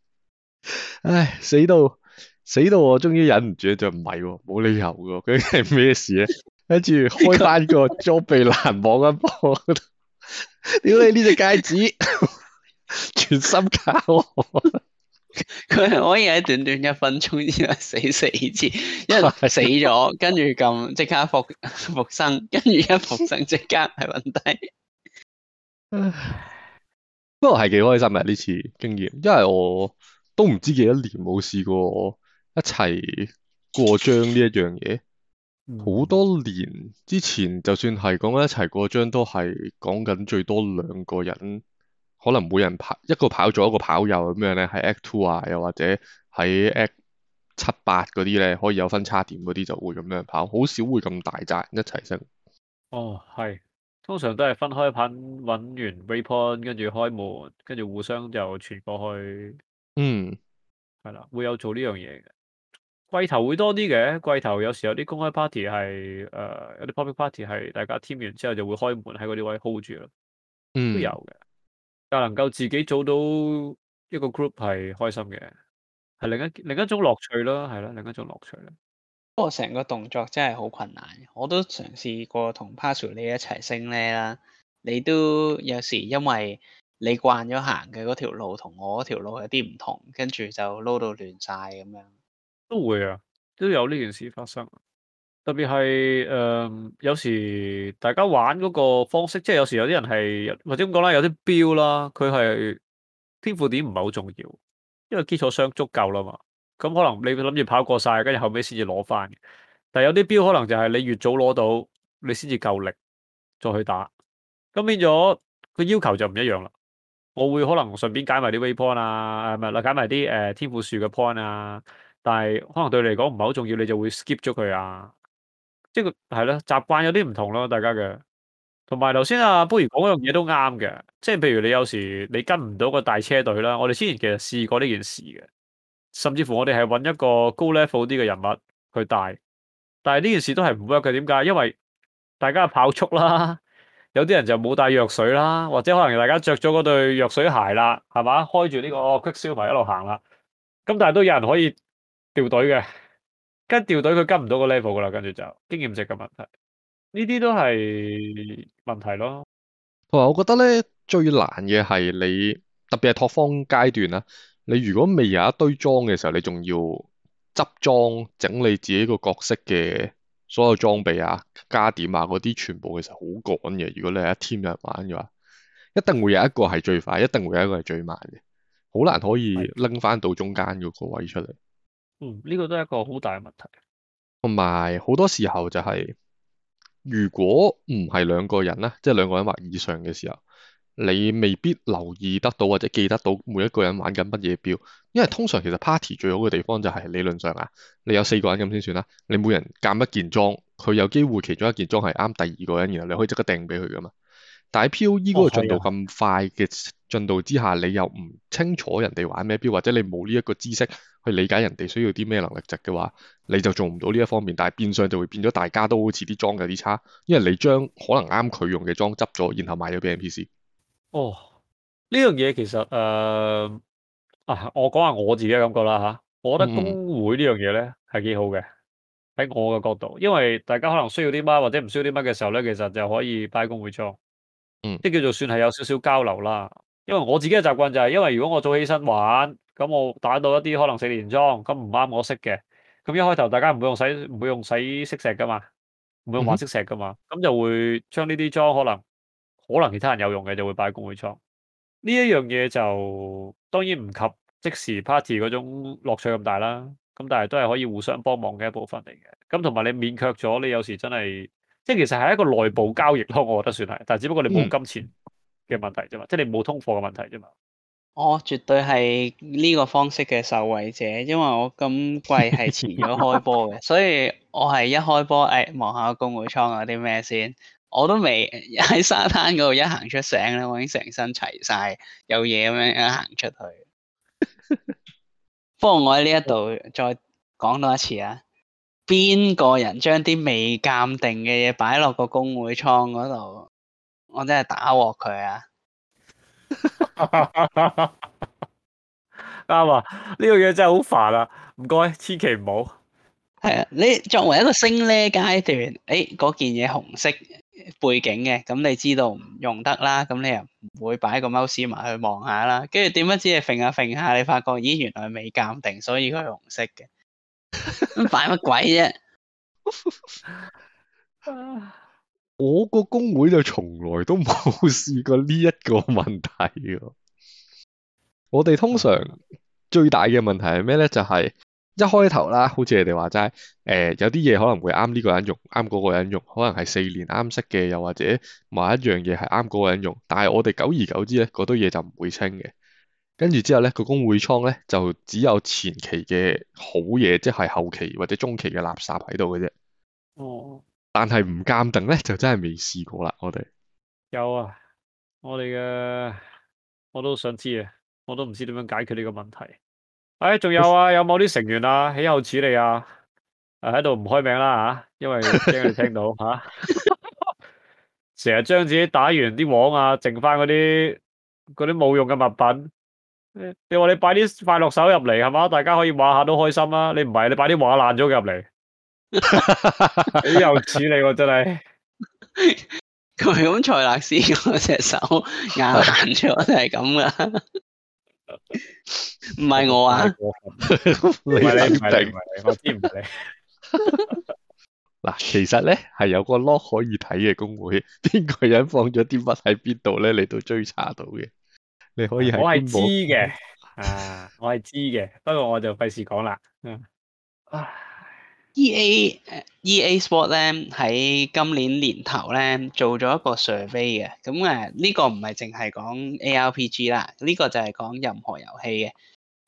唉，死到～死到我終於，終於忍唔住就唔係，冇理由，究竟係咩事咧？跟住開翻個裝備欄望一望，屌你呢隻戒指，全心搞我。佢可以喺短短一分鐘之內死四次，因一死咗， 跟住咁即刻復復生，跟住一復生即刻係暈低。不過係幾開心嘅呢次經驗，因為我都唔知幾多年冇試過。一齊過章呢一樣嘢，好、嗯、多年之前就算係講緊一齊過章都係講緊最多兩個人，可能每人跑一個，跑左一個跑右咁樣咧，喺 Act Two 啊，又或者喺 Act 七八嗰啲咧可以有分叉點嗰啲就會咁樣跑，好少會咁大扎人一齊升。哦，係通常都係分開品揾完 Waypoint 跟住開門，跟住，互相就傳過去。嗯，係啦，會有做呢樣嘢嘅。櫃頭會多啲嘅櫃頭，有時候啲公開 party 係誒、呃、有啲 public party 係大家 team 完之後就會開門喺嗰啲位 hold 住咯，都有嘅。嗯、但能夠自己做到一個 group 係開心嘅，係另一另一種樂趣咯，係咯，另一種樂趣啦。不過成個動作真係好困難，我都嘗試過同 Parcel 你一齊升咧，你都有時因為你慣咗行嘅嗰條路同我嗰條路有啲唔同，跟住就撈到亂晒咁樣。都會啊，都有呢件事發生，特別係誒，有時大家玩嗰個方式，即係有時有啲人係或者咁講啦，有啲標啦，佢係天賦點唔係好重要，因為基礎傷足夠啦嘛。咁可能你諗住跑過曬，跟住後屘先至攞翻。但係有啲標可能就係你越早攞到，你先至夠力再去打。咁變咗個要求就唔一樣啦。我會可能順便解埋啲 waypoint 啊，唔係啦，解埋啲誒天賦樹嘅 point 啊。但係可能對你嚟講唔係好重要，你就會 skip 咗佢啊，即係係咯，習慣有啲唔同咯，大家嘅。同埋頭先啊，不如講嗰樣嘢都啱嘅，即係譬如你有時你跟唔到個大車隊啦，我哋之前其實試過呢件事嘅，甚至乎我哋係搵一個高 level 啲嘅人物去帶，但係呢件事都係唔得嘅，點解？因為大家跑速啦，有啲人就冇帶藥水啦，或者可能大家着咗嗰對藥水鞋啦，係嘛，開住呢個 Quicksilver 一路行啦，咁但係都有人可以。掉隊嘅跟掉隊，佢跟唔到個 level 噶啦。跟住就經驗值嘅問題，呢啲都係問題咯。同埋我覺得咧最難嘅係你特別係拓荒階段啊。你如果未有一堆裝嘅時候，你仲要執裝整理自己個角色嘅所有裝備啊、加點啊嗰啲，全部其實好趕嘅。如果你係一 team 人玩嘅話，一定會有一個係最快，一定會有一個係最慢嘅，好難可以拎翻到中間嗰個位出嚟。嗯，呢個都係一個好大嘅問題。同埋好多時候就係，如果唔係兩個人咧，即係兩個人或以上嘅時候，你未必留意得到或者記得到每一個人玩緊乜嘢標。因為通常其實 party 最好嘅地方就係理論上啊，你有四個人咁先算啦。你每人揀一件裝，佢有機會其中一件裝係啱第二個人，然後你可以即刻訂俾佢㗎嘛。但喺 POE 嗰個進度咁快嘅進度之下，哦、你又唔清楚人哋玩咩 build，或者你冇呢一個知識去理解人哋需要啲咩能力值嘅話，你就做唔到呢一方面。但係變相就會變咗大家都好似啲裝有啲差，因為你將可能啱佢用嘅裝執咗，然後賣咗俾 NPC 哦，呢樣嘢其實誒、呃、啊，我講下我自己嘅感覺啦嚇。我覺得工會呢樣嘢咧係幾好嘅，喺、嗯、我嘅角度，因為大家可能需要啲乜或者唔需要啲乜嘅時候咧，其實就可以擺工會裝。嗯，即叫做算係有少少交流啦。因為我自己嘅習慣就係、是，因為如果我早起身玩，咁我打到一啲可能四年裝，咁唔啱我識嘅，咁一開頭大家唔會用洗，唔會用洗色石噶嘛，唔會用白色石噶嘛，咁就會將呢啲裝可能可能其他人有用嘅，就會擺公會倉。呢一樣嘢就當然唔及即時 party 嗰種樂趣咁大啦。咁但係都係可以互相幫忙嘅一部分嚟嘅。咁同埋你勉強咗，你有時真係。即係其實係一個內部交易咯，我覺得算係，但係只不過你冇金錢嘅問題啫嘛，嗯、即係你冇通貨嘅問題啫嘛。我絕對係呢個方式嘅受惠者，因為我今季係遲咗開波嘅， 所以我係一開波誒望下公會倉有啲咩先。我都未喺沙灘嗰度一行出城咧，我已經成身齊晒，有嘢咁樣行出去。 不過我喺呢一度再講多一次啊。邊個人將啲未鑑定嘅嘢擺落個工會倉嗰度，我真係打鑊佢啊！啱啊，呢個嘢真係好煩啊！唔該，千祈唔好。係啊，你作為一個升呢階段，誒嗰件嘢紅色背景嘅，咁你知道唔用得啦，咁你又唔會擺個 mouse 埋去望下啦。跟住點知，係揈下揈下，你發覺咦，原來未鑑定，所以佢係紅色嘅。扮乜鬼啫？ 我個工會就從來都冇試過呢一個問題。我哋通常最大嘅問題係咩咧？就係、是、一開頭啦，好似你哋話齋，誒、呃，有啲嘢可能會啱呢個人用，啱嗰個人用，可能係四年啱識嘅，又或者某一樣嘢係啱嗰個人用，但係我哋久而久之咧，嗰堆嘢就唔會清嘅。跟住之後咧，個工會倉咧就只有前期嘅好嘢，即係後期或者中期嘅垃圾喺度嘅啫。哦。但係唔鑑定咧，就真係未試過啦，我哋。有啊，我哋嘅我都想知啊，我都唔知點樣解決呢個問題。誒、哎，仲有啊，有冇啲成員啊？喜好處理啊？誒、啊，喺度唔開名啦嚇、啊，因為驚你聽到嚇。成日將自己打完啲網啊，剩翻嗰啲嗰啲冇用嘅物品。你你話你擺啲快樂手入嚟係嘛？大家可以玩下都開心啦、啊。你唔係你擺啲畫爛咗入嚟，幾幼稚你我真係。佢係咁，蔡納斯嗰隻手壓爛咗，就係咁噶。唔 係我啊，你 唔不定，我知唔係你。嗱，其實咧係有個 lock 可以睇嘅公會，邊個人放咗啲乜喺邊度咧，你都追查到嘅。.你可以，我係知嘅， 我係知嘅，不過我就費事講啦。EA，EA Sport 咧，喺今年年頭咧做咗一個 survey 嘅，咁誒呢個唔係淨係講 ARPG 啦，呢、呢個就係講任何遊戲嘅。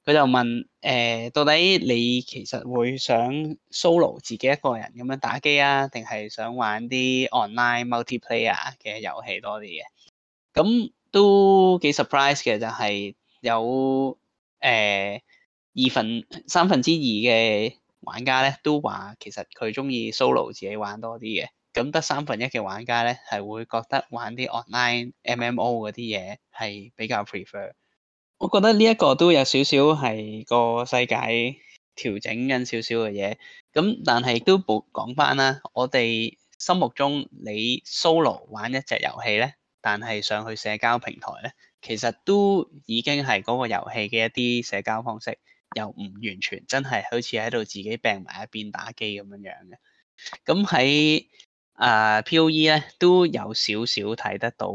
佢就問誒、呃，到底你其實會想 solo 自己一個人咁樣打機啊，定係想玩啲 online multiplayer 嘅遊戲多啲嘅？咁都幾 surprise 嘅，就係、是、有誒、呃、二分三分之二嘅玩家咧，都話其實佢中意 solo 自己玩多啲嘅。咁得三分一嘅玩家咧係會覺得玩啲 online MMO 嗰啲嘢係比較 prefer。我覺得呢一個都有少少係個世界調整緊少少嘅嘢，咁但係都補講翻啦，我哋心目中你 solo 玩一隻遊戲咧。但係上去社交平台咧，其實都已經係嗰個遊戲嘅一啲社交方式，又唔完全真係好似喺度自己病埋一邊打機咁樣樣嘅。咁喺啊、呃、POE 咧都有少少睇得到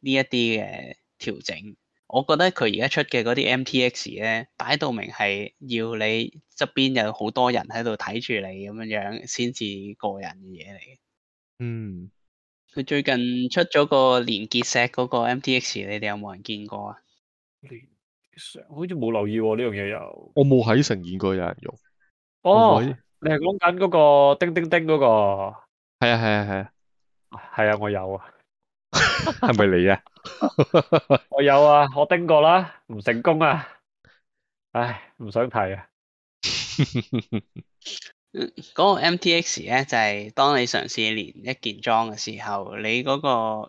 呢一啲嘅調整。我覺得佢而家出嘅嗰啲 MTX 咧，擺到明係要你側邊有好多人喺度睇住你咁樣樣先至個人嘅嘢嚟嘅。嗯。佢最近出咗個連結石嗰個 MTX，你哋有冇人見過啊？連結石好似冇留意呢樣嘢又，有我冇喺成見過有人用。哦，你係講緊嗰個叮叮叮嗰、嗰個？係啊，係啊，係啊，係啊，啊，啊我有啊，係咪 你啊？ 我有啊，我叮過啦，唔成功啊，唉，唔想睇啊。 嗰個 MTX 咧，就係、是、當你嘗試連一件裝嘅時候，你嗰、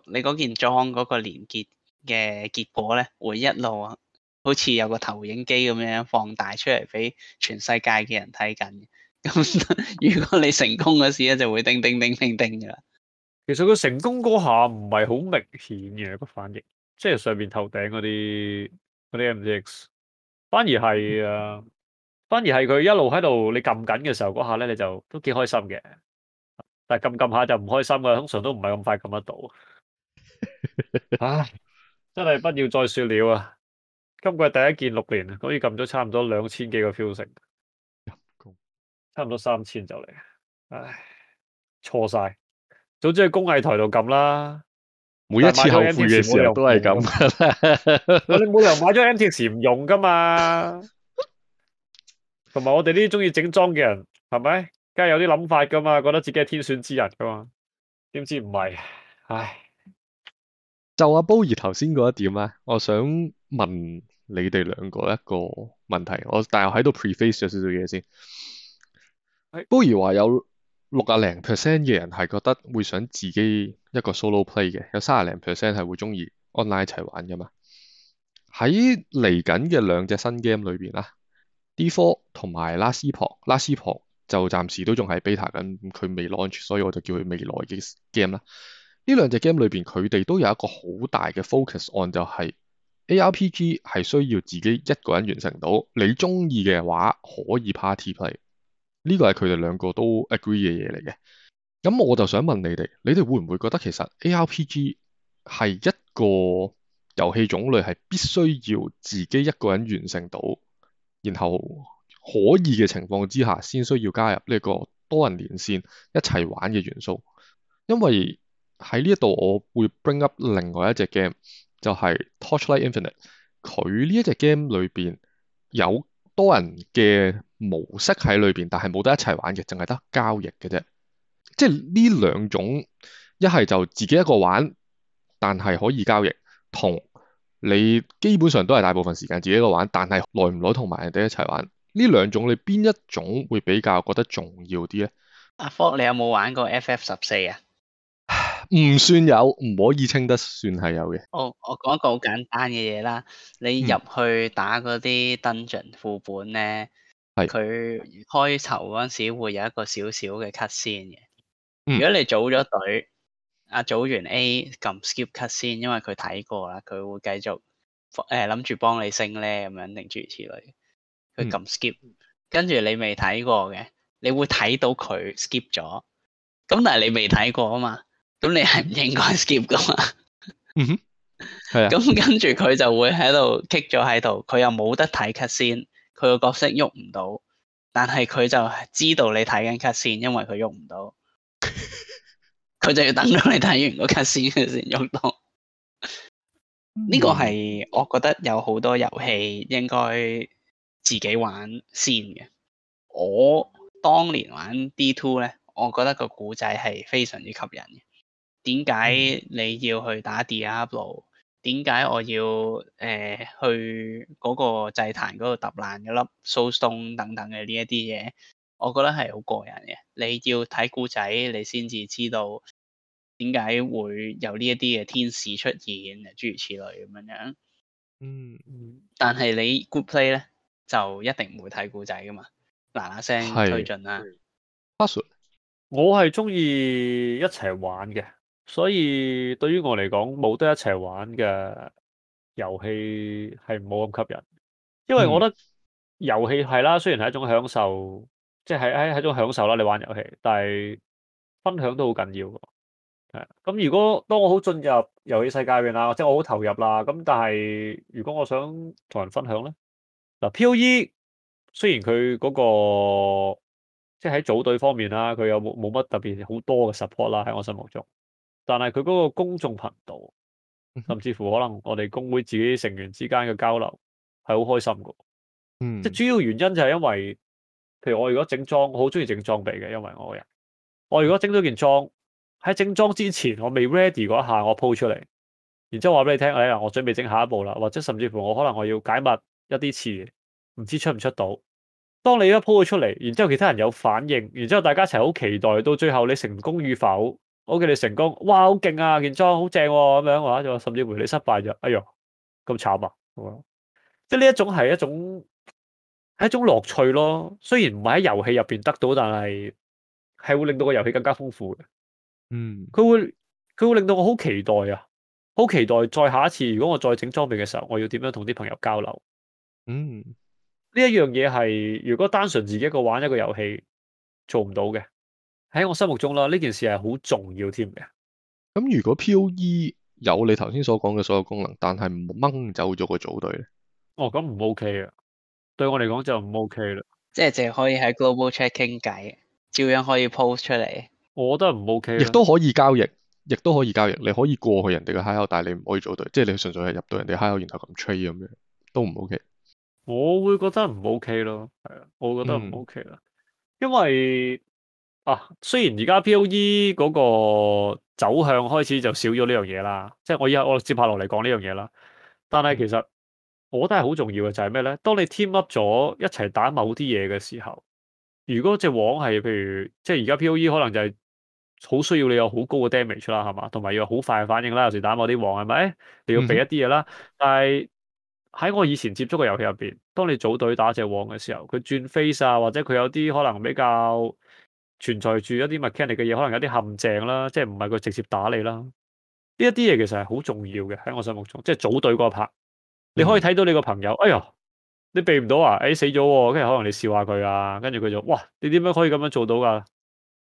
那個你件裝嗰個連結嘅結果咧，會一路啊，好似有個投影機咁樣放大出嚟俾全世界嘅人睇緊。咁 如果你成功嗰時咧，就會叮叮叮叮叮㗎喇。其實佢成功嗰下唔係好明顯嘅個反應，即、就、係、是、上面頭頂嗰啲啲 MTX，反而係誒。 反而係佢一路喺度你撳緊嘅時候嗰下咧，你就都幾開心嘅。但係撳撳下就唔開心嘅，通常都唔係咁快撳得到。唉 啊，真係不要再説了啊！今季第一件六年啊，可以撳咗差唔多兩千幾個 fusing，差唔多三千就嚟。唉，錯晒！早知喺工藝台度撳啦。每一次後悔嘅時候都係咁，你冇理由買咗 NTC 唔用㗎嘛？同埋我哋呢啲中意整裝嘅人，係咪？梗係有啲諗法噶嘛，覺得自己係天選之人噶嘛？點知唔係，唉！就阿煲兒頭先嗰一點咧、啊，我想問你哋兩個一個問題，我大約喺度 preface 咗少少嘢先。煲兒話有六啊零 percent 嘅人係覺得會想自己一個 solo play 嘅，有三啊零 percent 係會中意 online 一齊玩噶嘛？喺嚟緊嘅兩隻新 game 裏邊啦。D4 同埋 Last Epoch，Last Epoch 就暫時都仲係 beta 緊，佢未 launch，所以我就叫佢未來嘅 game 啦。呢兩隻 game 裏邊，佢哋都有一個好大嘅 focus on，就係 ARPG 係需要自己一個人完成到。你中意嘅話，可以 party play。呢個係佢哋兩個都 agree 嘅嘢嚟嘅。咁我就想問你哋，你哋會唔會覺得其實 ARPG 係一個遊戲種類係必須要自己一個人完成到？然後可以嘅情況之下，先需要加入呢個多人連線一齊玩嘅元素。因為喺呢度我會 bring up 另外一隻 game，就係 Torchlight Infinite。佢呢一隻 game 裏邊有多人嘅模式喺裏邊，但係冇得一齊玩嘅，淨係得交易嘅啫。即係呢兩種，一係就自己一個玩，但係可以交易，同，你基本上都係大部分時間自己一個玩，但係耐唔耐同埋人哋一齊玩？呢兩種你邊一種會比較覺得重要啲咧？阿福、啊，Fock，你有冇玩過 F.F. 十四啊？唔算有，唔、嗯、可以稱得算係有嘅。我我講一個好簡單嘅嘢啦，你入去打嗰啲 dungeon 副本咧，佢、嗯、開頭嗰陣時會有一個少少嘅 cutscene 嘅。如果你組咗隊。嗯嗯阿組員 A 撳 skip cut 先，因為佢睇過啦，佢會繼續誒諗住幫你升咧，咁樣定諸如此類。佢撳 skip，跟住你未睇過嘅，你會睇到佢 skip 咗。咁但係你未睇過啊嘛，咁你係唔應該 skip 噶嘛。 嗯哼，係啊。 跟住佢就會喺度 kick 咗喺度，佢又冇得睇 cut 先，佢個角色喐唔到，但係佢就知道你睇緊 cut 先，因為佢喐唔到。 佢就要等到你睇完嗰集先，先入到。呢 個係我覺得有好多遊戲應該自己玩先嘅。我當年玩 D2 咧，我覺得個故仔係非常之吸引嘅。點解你要去打 Diablo？點解我要誒、呃、去嗰個祭壇嗰度揼爛嗰粒 Soulstone 等等嘅呢一啲嘢？我覺得係好過癮嘅。你要睇故仔，你先至知道。點解會有呢一啲嘅天使出現啊？諸如此類咁樣樣，嗯。嗯嗯。但係你 Good Play 咧，就一定唔會睇故仔噶嘛，嗱嗱聲推進啦。我係中意一齊玩嘅，所以對於我嚟講，冇得一齊玩嘅遊戲係冇咁吸引。因為我覺得遊戲係啦，雖然係一種享受，即係喺一種享受啦。你玩遊戲，但係分享都好緊要。係咁，如果當我好進入遊戲世界入邊啦，即係我好投入啦，咁但係如果我想同人分享咧，嗱 POE 雖然佢嗰、個即係喺組隊方面啦，佢有冇冇乜特別好多嘅 support 啦，喺我心目中，但係佢嗰個公眾頻道，甚至乎可能我哋公會自己成員之間嘅交流係好開心噶，嗯，即主要原因就係因為，譬如我如果整裝，我好中意整裝備嘅，因為我個人，我如果整咗件裝。喺整裝之前，我未 ready 嗰一下，我 po 出嚟，然之後話俾你聽呀，我準備整下一步啦，或者甚至乎我可能我要解密一啲詞，唔知出唔出到。當你一 po 咗出嚟，然之後其他人有反應，然之後大家一齊好期待，到最後你成功與否？O.K. 你成功，哇，好勁啊！件裝好正喎，咁樣話就甚至乎你失敗咗，哎唷，咁慘啊！咁樣即係呢一種係一種係一種樂趣咯。雖然唔係喺遊戲入邊得到，但係係會令到個遊戲更加豐富嘅。嗯，佢會佢會令到我好期待啊，好期待再下一次，如果我再整裝備嘅時候，我要點樣同啲朋友交流？嗯，呢一樣嘢係如果單純自己一個玩一個遊戲做唔到嘅，喺我心目中啦，呢件事係好重要添嘅。咁如果 POE 有你頭先所講嘅所有功能，但係掹走咗個組隊咧，哦，咁唔 OK 啊，對我嚟講就唔 OK 啦，即係淨係可以喺 Global Chat 傾偈，照樣可以 post 出嚟。我覺得唔 OK，亦都可以交易，亦都可以交易。你可以過去人哋嘅 hideout，但係你唔可以組隊，即係你純粹係入到人哋 hideout，然後咁 trade 咁樣 ray, 都唔 OK。我會覺得唔 OK 咯，係啊，我覺得唔 OK 啦，因為啊，雖然而家 POE 嗰個走向開始就少咗呢樣嘢啦，即係我以後我接下落嚟講呢樣嘢啦。但係其實我覺得係好重要嘅就係咩咧？當你 team up 咗一齊打某啲嘢嘅時候，如果隻網係譬如即係而家 POE 可能就係、是。好需要你有好高嘅 damage 啦，係嘛？同埋要好快嘅反應啦。有時打我啲王係咪？你要避一啲嘢啦。但係喺我以前接觸嘅遊戲入邊，當你組隊打隻王嘅時候，佢轉 face 啊，或者佢有啲可能比較存在住一啲 mechanic 嘅嘢，可能有啲陷阱啦、啊，即係唔係佢直接打你啦、啊？呢一啲嘢其實係好重要嘅喺我心目中。即係組隊嗰拍，你可以睇到你個朋友，哎呀，你避唔到啊！哎，死咗喎、啊，跟住可能你笑下佢啊，跟住佢就哇，你點樣可以咁樣做到㗎？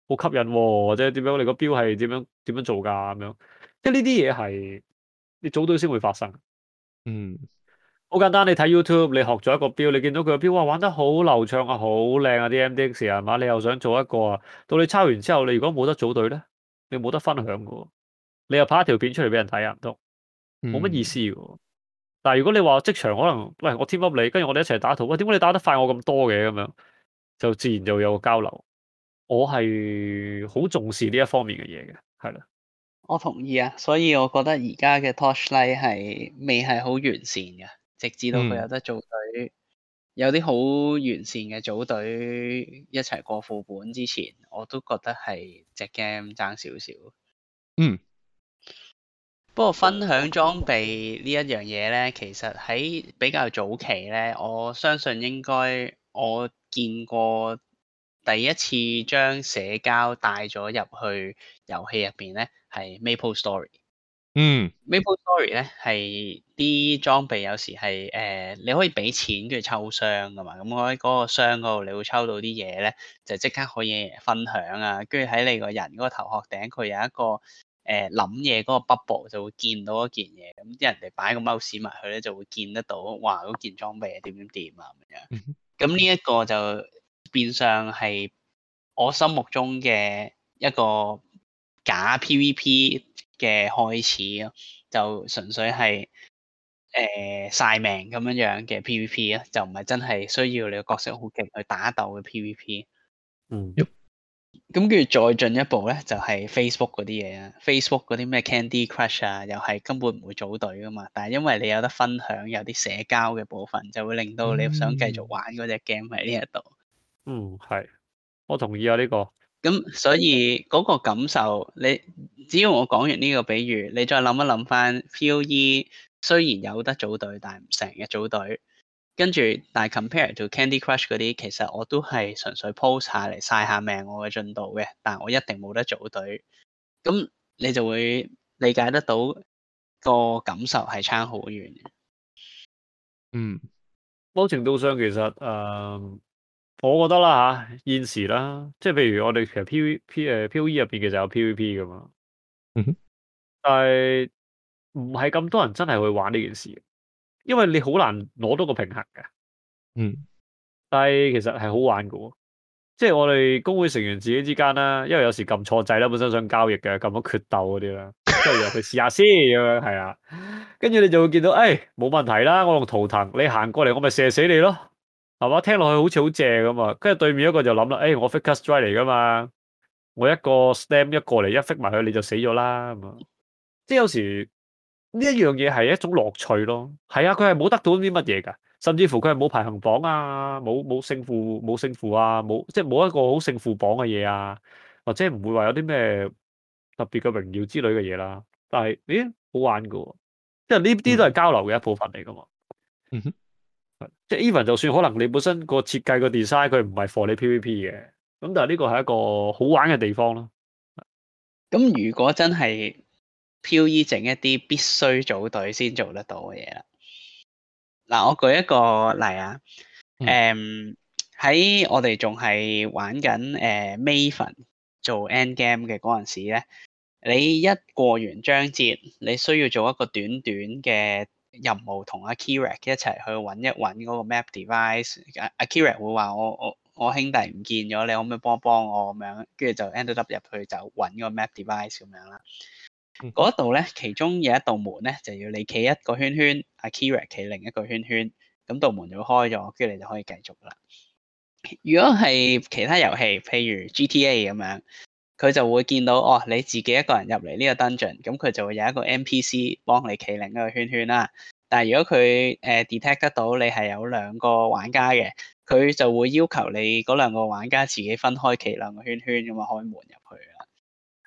好吸引喎、啊，或者點樣？你個標係點樣點樣做㗎咁、啊、樣？即係呢啲嘢係你組隊先會發生。嗯，好簡單。你睇 YouTube，你學咗一個標，你見到佢個標啊，玩得好流暢啊，好靚啊，啲 M D X 啊嘛，你又想做一個啊？到你抄完之後，你如果冇得組隊咧，你冇得分享嘅喎、啊，你又拍一條片出嚟俾人睇啊，唔得、嗯，冇乜意思嘅。但係如果你話職場可能，唔、哎、係我 team up 你，跟住我哋一齊打圖。喂、哎，點解你打得快我咁多嘅？咁樣就自然就有個交流。我係好重視呢一方面嘅嘢嘅。係啦，我同意啊，所以我覺得而家嘅 Torchlight 係未係好完善嘅？直至到佢有得組隊，嗯、有啲好完善嘅組隊一齊過副本之前，我都覺得係隻 game 爭少少。嗯，不過分享裝備一呢一樣嘢咧，其實喺比較早期咧，我相信應該我見過。第一次將社交帶咗入去遊戲入邊咧，係 Maple Story。嗯，Maple Story 咧，係啲裝備有時係誒、呃、你可以俾錢跟住抽箱噶嘛，咁我喺嗰個箱嗰度，你會抽到啲嘢咧，就即刻可以分享啊，跟住喺你個人嗰個頭殼頂，佢有一個誒諗嘢嗰個 bubble 就會見到件一件嘢，咁啲人哋擺個 mouse 埋去咧就會見得到，哇！嗰件裝備點點點啊咁樣。咁呢一個就。變相係我心目中嘅一個假 PVP 嘅開始咯，就純粹係誒晒命咁樣樣嘅 PVP 咯，就唔係真係需要你個角色好勁去打鬥嘅 PVP。嗯。咁跟住再進一步咧，就係、是、Facebook 嗰啲嘢啊，Facebook 嗰啲咩 Candy Crush 啊，又係根本唔會組隊噶嘛，但係因為你有得分享，有啲社交嘅部分，就會令到你想繼續玩嗰隻 game 喺呢一度。嗯嗯，係，我同意啊呢個。咁所以嗰個感受，你只要我講完呢個比喻，你再諗一諗翻 POE。雖然有得組隊，但唔成日組隊。跟住，但係 compare to Candy Crush 嗰啲，其實我都係純粹 post 晒嚟晒下命我嘅進度嘅。但我一定冇得組隊。咁你就會理解得到個感受係差好遠嘅。嗯，某程度上其實誒。呃我覺得啦吓，現時啦，即係譬如我哋其實 PVP 誒 POE 入邊其實有 PVP 噶嘛，mm hmm. 但係唔係咁多人真係去玩呢件事，因為你好難攞到個平衡嘅，嗯、mm，hmm. 但係其實係好玩噶，即係我哋工會成員自己之間啦，因為有時撳錯掣啦，本身想交易嘅，撳咗決鬥嗰啲啦，即係又去試下先咁樣，係啊，跟住你就會見到，誒，冇、哎、問題啦，我用圖騰，你行過嚟我咪射死你咯。係嘛？聽落去好似好正咁啊！跟住對面一個就諗啦，誒、欸，我 Flicker Strike 嚟噶嘛，我一個 Slam 一,一過嚟一 fit 埋佢，你就死咗啦！咁啊，即係有時呢一樣嘢係一種樂趣咯。係啊，佢係冇得到啲乜嘢噶，甚至乎佢係冇排行榜啊，冇冇勝負冇勝負啊，冇即係冇一個好勝負榜嘅嘢啊，或者唔會話有啲咩特別嘅榮耀之類嘅嘢啦。但係，咦，好玩噶、啊，即係呢啲都係交流嘅一部分嚟噶嘛。嗯哼 Even, 即係 even 就算可能你本身個設計個 design 佢唔係 for 你 PVP 嘅，咁但係呢個係一個好玩嘅地方咯。咁如果真係 PVP 整一啲必須組隊先做得到嘅嘢啦，嗱、啊、我舉一個例啊，誒喺、嗯嗯、我哋仲係玩緊誒、呃、Maven 做 end game 嘅陣時咧，你一過完章節，你需要做一個短短嘅。任務同阿 Kirac 一齊去揾一揾嗰個 Map Device，阿 Kirac 會話我我我兄弟唔見咗，你可唔可以幫幫我咁樣？跟住就 end up 入去就揾嗰 Map Device 咁樣啦。嗰度咧，其中有一道門咧，就要你企一個圈圈，阿 Kirac 企另一個圈圈，咁道門就會開咗，跟住你就可以繼續啦。如果係其他遊戲，譬如 GTA 咁樣。佢就會見到哦，你自己一個人入嚟呢個 dungeon 咁佢就會有一個 NPC 幫你企另一個圈圈啦。但係如果佢誒、呃、detect 得到你係有兩個玩家嘅，佢就會要求你嗰兩個玩家自己分開企兩個圈圈咁啊，開門入去啦。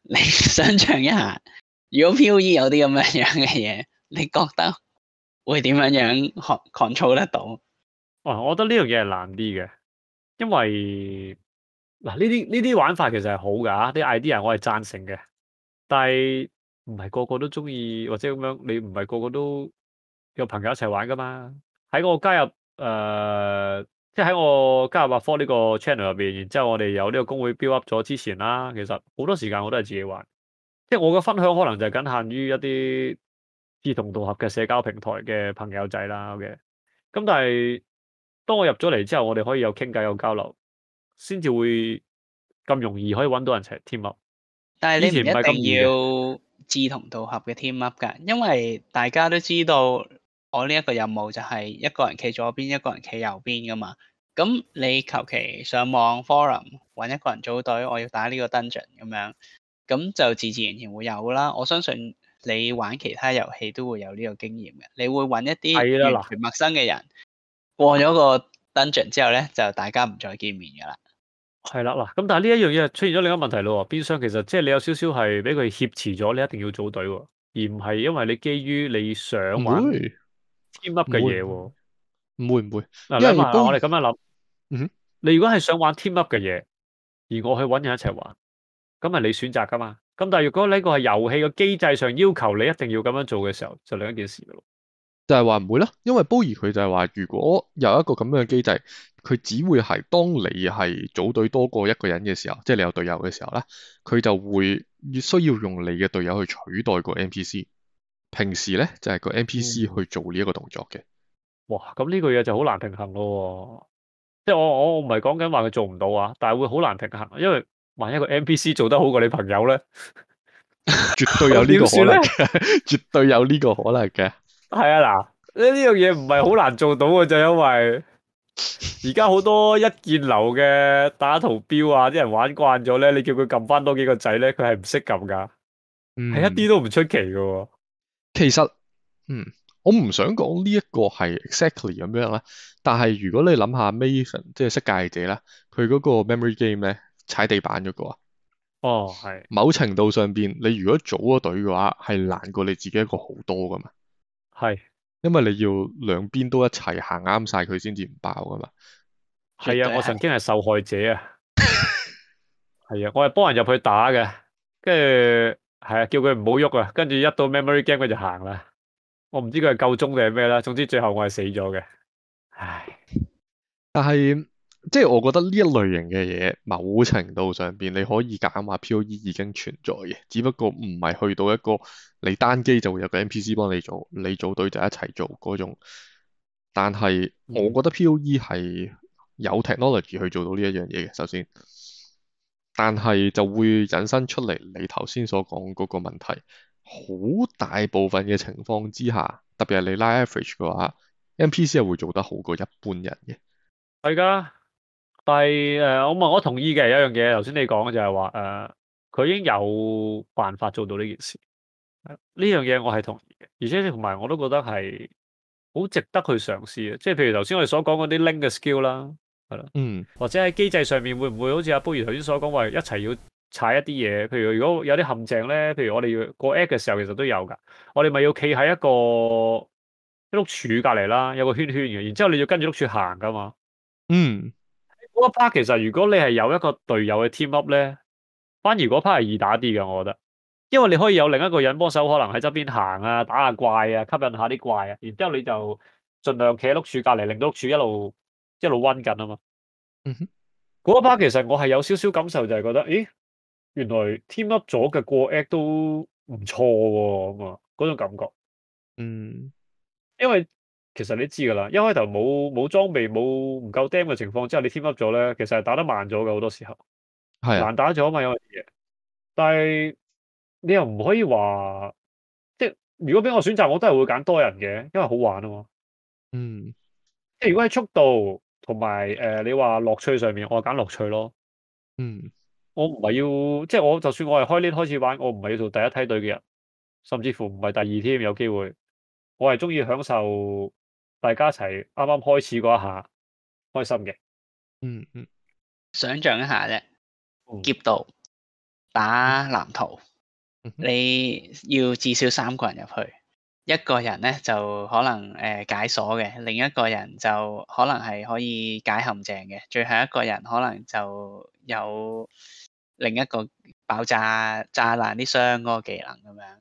你想象一下，如果 PoE 有啲咁樣樣嘅嘢，你覺得會點樣樣 control 得到？哦，我覺得呢樣嘢係難啲嘅，因為。嗱，呢啲呢啲玩法其實係好噶，啲 idea 我係贊成嘅，但係唔係個個都中意或者咁樣，你唔係個個都有朋友一齊玩噶嘛？喺我加入誒，即係喺我加入百科呢個 channel 入邊，然之後我哋有呢個公會 build up 咗之前啦，其實好多時間我都係自己玩，即係我嘅分享可能就係僅限於一啲志同道合嘅社交平台嘅朋友仔啦嘅。okay，咁但係當我入咗嚟之後，我哋可以有傾偈，有交流。先至會咁容易可以揾到人 team up，但係你唔係咁要志同道合嘅 team up 噶，因為大家都知道我呢一個任務就係一個人企左邊，一個人企右邊噶嘛。咁你求其上網 forum 揾一個人組隊，我要打呢個 dungeon 咁樣，咁就自自然然會有啦。我相信你玩其他遊戲都會有呢個經驗嘅，你會揾一啲完全陌生嘅人，過咗個 dungeon 之後咧，哇就大家唔再見面噶啦。係啦嗱，咁但係呢一樣嘢出現咗另一個問題咯，邊廂其實即係你有少少係俾佢挾持咗，你一定要組隊，而唔係因為你基於你想玩 team up 嘅嘢，會唔會唔會嗱？你諗下，我哋咁樣諗，你如果係想玩 team up 嘅嘢，而我去揾人一齊玩，咁係你選擇噶嘛？咁但係如果呢個係遊戲嘅機制上要求你一定要咁樣做嘅時候，就另一件事噶咯。就係話唔會啦，因為 POE 佢就係話，如果有一個咁樣嘅機制，佢只會係當你係組隊多過一個人嘅時候，即係你有隊友嘅時候啦，佢就會越需要用你嘅隊友去取代個 NPC。平時咧就係個 NPC 去做呢一個動作嘅。哇，咁呢個嘢就好難平衡咯啊。即係我我唔係講緊話佢做唔到啊，但係會好難平衡，因為萬一一個 NPC 做得好過你朋友咧 呢，絕對有呢個可能嘅，絕對有呢個可能嘅。係啊，嗱呢呢樣嘢唔係好難做到嘅，就因為而家好多一鍵流嘅打圖標啊，啲人玩慣咗咧，你叫佢撳翻多幾個掣咧，佢係唔識撳噶，係、嗯、一啲都唔出奇嘅。其實，嗯，我唔想講呢一個係 exactly 咁樣啦。但係如果你諗下 Mason 即係識界者啦，佢嗰個 memory game 咧踩地板嗰個啊，哦係，某程度上邊你如果組咗隊嘅話，係難過你自己一個好多噶嘛。係，因為你要兩邊都一齊行啱晒佢先至唔爆噶嘛。係啊，我曾經係受害者啊。係啊， 我係幫人入去打嘅，跟住係啊，叫佢唔好喐啊，跟住一到 memory game 佢就行啦。我唔知佢係夠鐘定係咩啦，總之最後我係死咗嘅。唉，但係。即係我覺得呢一類型嘅嘢，某程度上邊你可以講話 POE 已經存在嘅，只不過唔係去到一個你單機就會有個 NPC 幫你做，你組隊就一齊做嗰種。但係我覺得 POE 係有 technology 去做到呢一樣嘢嘅，首先。但係就會引申出嚟你頭先所講嗰個問題，好大部分嘅情況之下，特別係你拉 average 嘅話，NPC 係會做得好過一般人嘅。係噶。但係誒、呃，我問我同意嘅有一樣嘢，頭先你講嘅就係話誒，佢、呃、已經有辦法做到呢件事。呢樣嘢我係同意嘅，而且同埋我都覺得係好值得去嘗試嘅。即係譬如頭先我哋所講嗰啲 link 嘅 skill 啦，係啦，嗯，或者喺機制上面會唔會好似阿波如頭先所講，話一齊要踩一啲嘢？譬如如果有啲陷阱咧，譬如我哋要過 act 嘅時候，其實都有㗎。我哋咪要企喺一個一碌柱隔籬啦，有個圈圈嘅，然之後你要跟住碌柱行㗎嘛，嗯。嗰一 part 其實，如果你係有一個隊友嘅 team up 咧，反而嗰 part 係易打啲嘅，我覺得，因為你可以有另一個人幫手，可能喺側邊行啊，打下怪啊，吸引下啲怪啊，然之後你就盡量企喺碌柱隔離，令到碌柱一路即係一路温緊啊嘛。嗰一 part 其實我係有少少感受，就係覺得，咦，原來 team up 咗嘅過 act 都唔錯喎咁啊，嗰種感覺。嗯、mm，hmm. 因為。其實你知噶啦，一開頭冇冇裝備冇唔夠 dam 嘅情況之下，你 team up 咗咧，其實係打得慢咗嘅好多時候，係的難打咗嘛有啲嘢。但係你又唔可以話，即係如果俾我選擇，我都係會揀多人嘅，因為好玩啊嘛。嗯，即係如果喺速度同埋誒，你話樂趣上面，我揀樂趣咯。嗯，我唔係要即係，我就算我係開 league 開始玩，我唔係要做第一梯隊嘅人，甚至乎唔係第二 team 有機會，我係中意享受。大家一齊啱啱開始嗰下，開心嘅、嗯。嗯嗯。想像一下啫，劫道、打藍圖，嗯、你要至少三個人入去，一個人咧就可能誒、呃、解鎖嘅，另一個人就可能係可以解陷阱嘅，最後一個人可能就有另一個爆炸、炸爛啲箱嗰個技能咁樣。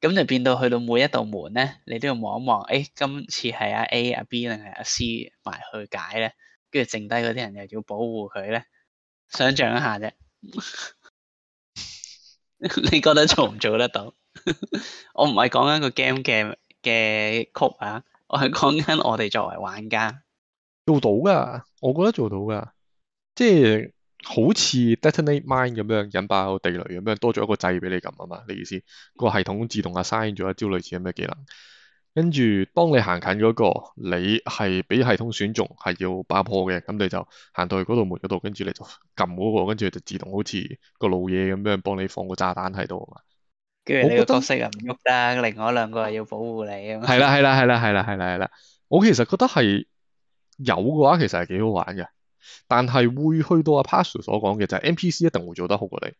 咁就變到去到每一道門咧，你都要望一望，誒，今次係阿 A、阿 B 定係阿 C 埋去解咧，跟住剩低嗰啲人又要保護佢咧，想象一下啫，你覺得做唔做得到？我唔係講緊個 game 嘅嘅曲啊，我係講緊我哋作為玩家做到噶，我覺得做到噶，即係。好似 Detonate Mine 咁樣引爆地雷咁樣，多咗一個掣俾你撳啊嘛，你意思。個系統自動啊 assign 咗一招類似嘅技能，跟住當你行近嗰個，你係俾系統選中係要爆破嘅，咁你就行到去嗰度門嗰度，跟住你就撳嗰個，跟住就自動好似個老嘢咁樣幫你放個炸彈喺度啊嘛。既然你個角色啊唔喐得，另外兩個啊要保護你啊。係啦係啦係啦係啦係啦係啦，啦，啦，啦，我其實覺得係有嘅話，其實係幾好玩嘅。但係會去到阿 Pastor 所講嘅就係、是、NPC 一定會做得好過你，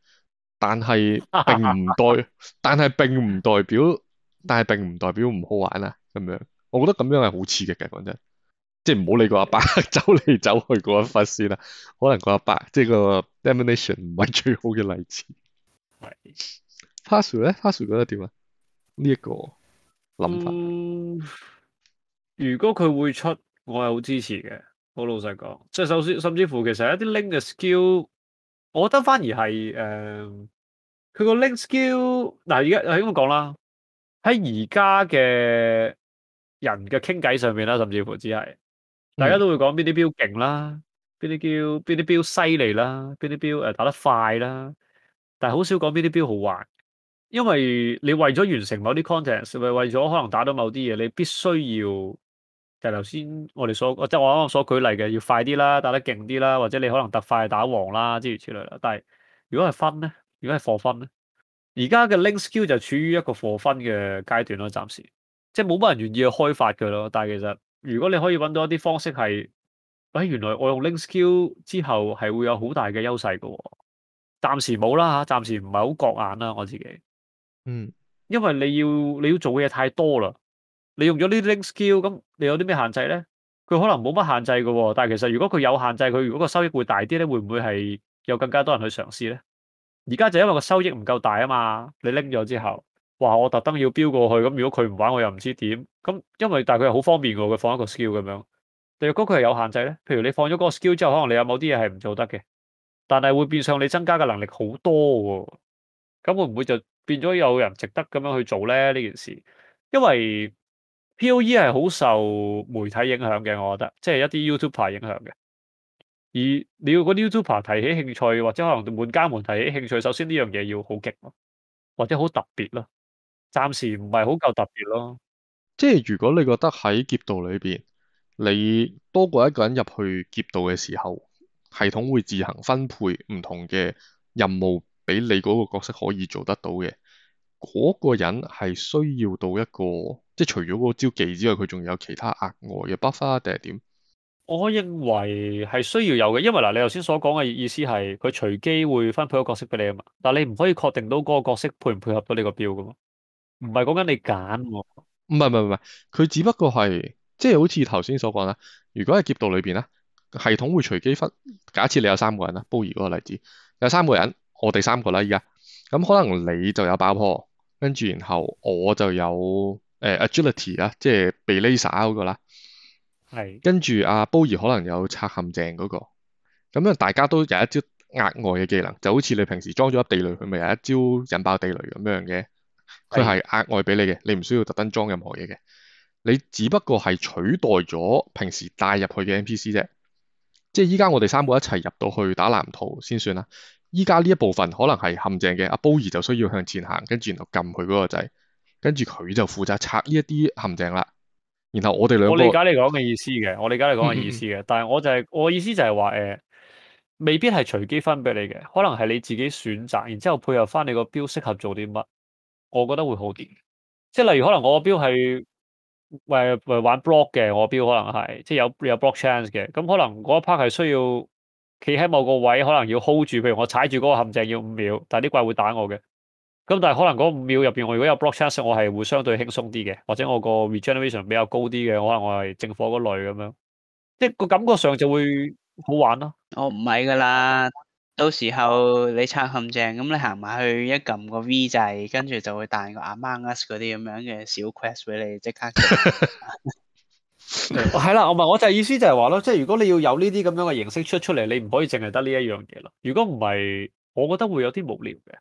但係並唔代， 但係並唔代表，但係並唔代表唔好玩啊！咁樣，我覺得咁樣係好刺激嘅，講真，即係唔好理個阿伯走嚟走去嗰一忽先啦，可能、就是、個阿伯即係個 demonstration 唔係最好嘅例子。Pastor 咧，Pastor 覺得點啊？呢、這、一個諗法、嗯，如果佢會出，我係好支持嘅。好老實講，即係首先，甚至乎其實一啲 link 嘅 skill，我覺得反而係誒，佢個 link skill，嗱而家係咁講啦，喺而家嘅人嘅傾偈上面啦，甚至乎只係大家都會講邊啲標勁啦，邊啲標邊啲標犀利啦，邊啲標誒打得快啦，但係好少講邊啲標好玩，因為你為咗完成某啲 content，係咪為咗可能打到某啲嘢，你必須要。就頭先我哋所，就是，我即係我啱啱所舉例嘅，要快啲啦，打得勁啲啦，或者你可能特快打王啦，之如此類啦。但係如果係分咧，如果係貨分咧，而家嘅 Link Skill 就處於一個貨分嘅階段咯，暫時即係冇乜人願意去開發嘅咯。但係其實如果你可以揾到一啲方式係，誒、哎、原來我用 Link Skill 之後係會有好大嘅優勢嘅。暫時冇啦吓，暫時唔係好覺眼啦我自己。嗯，因為你要你要做嘅嘢太多啦。你用咗呢啲 link skill，咁你有啲咩限制咧？佢可能冇乜限制嘅喎，但係其實如果佢有限制，佢如果個收益會大啲咧，會唔會係有更加多人去嘗試咧？而家就因為個收益唔夠大啊嘛，你拎咗之後，哇！我特登要飆過去，咁如果佢唔玩我，我又唔知點。咁因為但係佢係好方便嘅喎，佢放一個 skill 咁樣。你如果佢係有限制咧，譬如你放咗嗰個 skill 之後，可能你有某啲嘢係唔做得嘅，但係會變相你增加嘅能力好多喎。咁會唔會就變咗有人值得咁樣去做咧呢件事？因為 POE 係好受媒體影響嘅，我覺得即係一啲 YouTuber 影響嘅。而你要嗰啲 YouTuber 提起興趣，或者可能門家門提起興趣，首先呢樣嘢要好勁咯，或者好特別咯。暫時唔係好夠特別咯。即係如果你覺得喺劫道裏邊，你多過一個人入去劫道嘅時候，系統會自行分配唔同嘅任務俾你，嗰個角色可以做得到嘅。嗰、嗰個人係需要到一個。即係除咗嗰招技之外，佢仲有其他額外嘅 buff 定係點？我認為係需要有嘅，因為嗱，你頭先所講嘅意思係佢隨機會分配個角色俾你啊嘛。但係你唔可以確定到嗰個角色配唔配合到個你個標㗎嘛。唔係講緊你揀喎。唔係唔係唔係，佢只不過係即係好似頭先所講啦。如果係劫道裏邊咧，系統會隨機分。假設你有三個人啦，Boo 嗰個例子有三個人，我哋三個啦，依家咁可能你就有爆破，跟住然後我就有。誒、uh, agility 啦，即係避 laser 嗰個啦，係是跟住阿 Boer 可能有拆陷阱嗰、嗰個，咁樣大家都有一招額外嘅技能，就好似你平時裝咗一地雷，佢咪有一招引爆地雷咁樣嘅，佢係額外俾你嘅，是你唔需要特登裝任何嘢嘅，你只不過係取代咗平時帶入去嘅 NPC 啫，即係依家我哋三個一齊入到去打藍圖先算啦，依家呢一部分可能係陷阱嘅，阿 Boer 就需要向前行，跟住然後撳佢嗰個掣。跟住佢就負責拆呢一啲陷阱啦。然後我哋兩個，我理解你講嘅意思嘅，我理解你講嘅意思嘅。嗯嗯，但係我就係、是、我意思就係話，誒、呃，未必係隨機分俾你嘅，可能係你自己選擇，然之後配合翻你個標適合做啲乜，我覺得會好啲。即係例如可能我個標係誒誒玩 block 嘅，我個標可能係即係有有 block chance 嘅。咁可能嗰 part 係需要企喺某個位，可能要 hold 住。譬如我踩住嗰個陷阱要五秒，但係啲怪會打我嘅。咁但係可能嗰五秒入邊，我如果有 block chance，我係會相對輕鬆啲嘅，或者我個 regeneration 比較高啲嘅，可能我係正火嗰類咁樣，即係個感覺上就會好玩咯、啊。我唔係噶啦，到時候你拆陷阱，咁你行埋去一撳個 V 掣，跟住就會彈個 Among Us 嗰啲咁樣嘅小 quest 俾你即刻。係啦，我咪我就意思就係話咯，即係如果你要有呢啲咁樣嘅形式出出嚟，你唔可以淨係得呢一樣嘢咯。如果唔係，我覺得會有啲無聊嘅。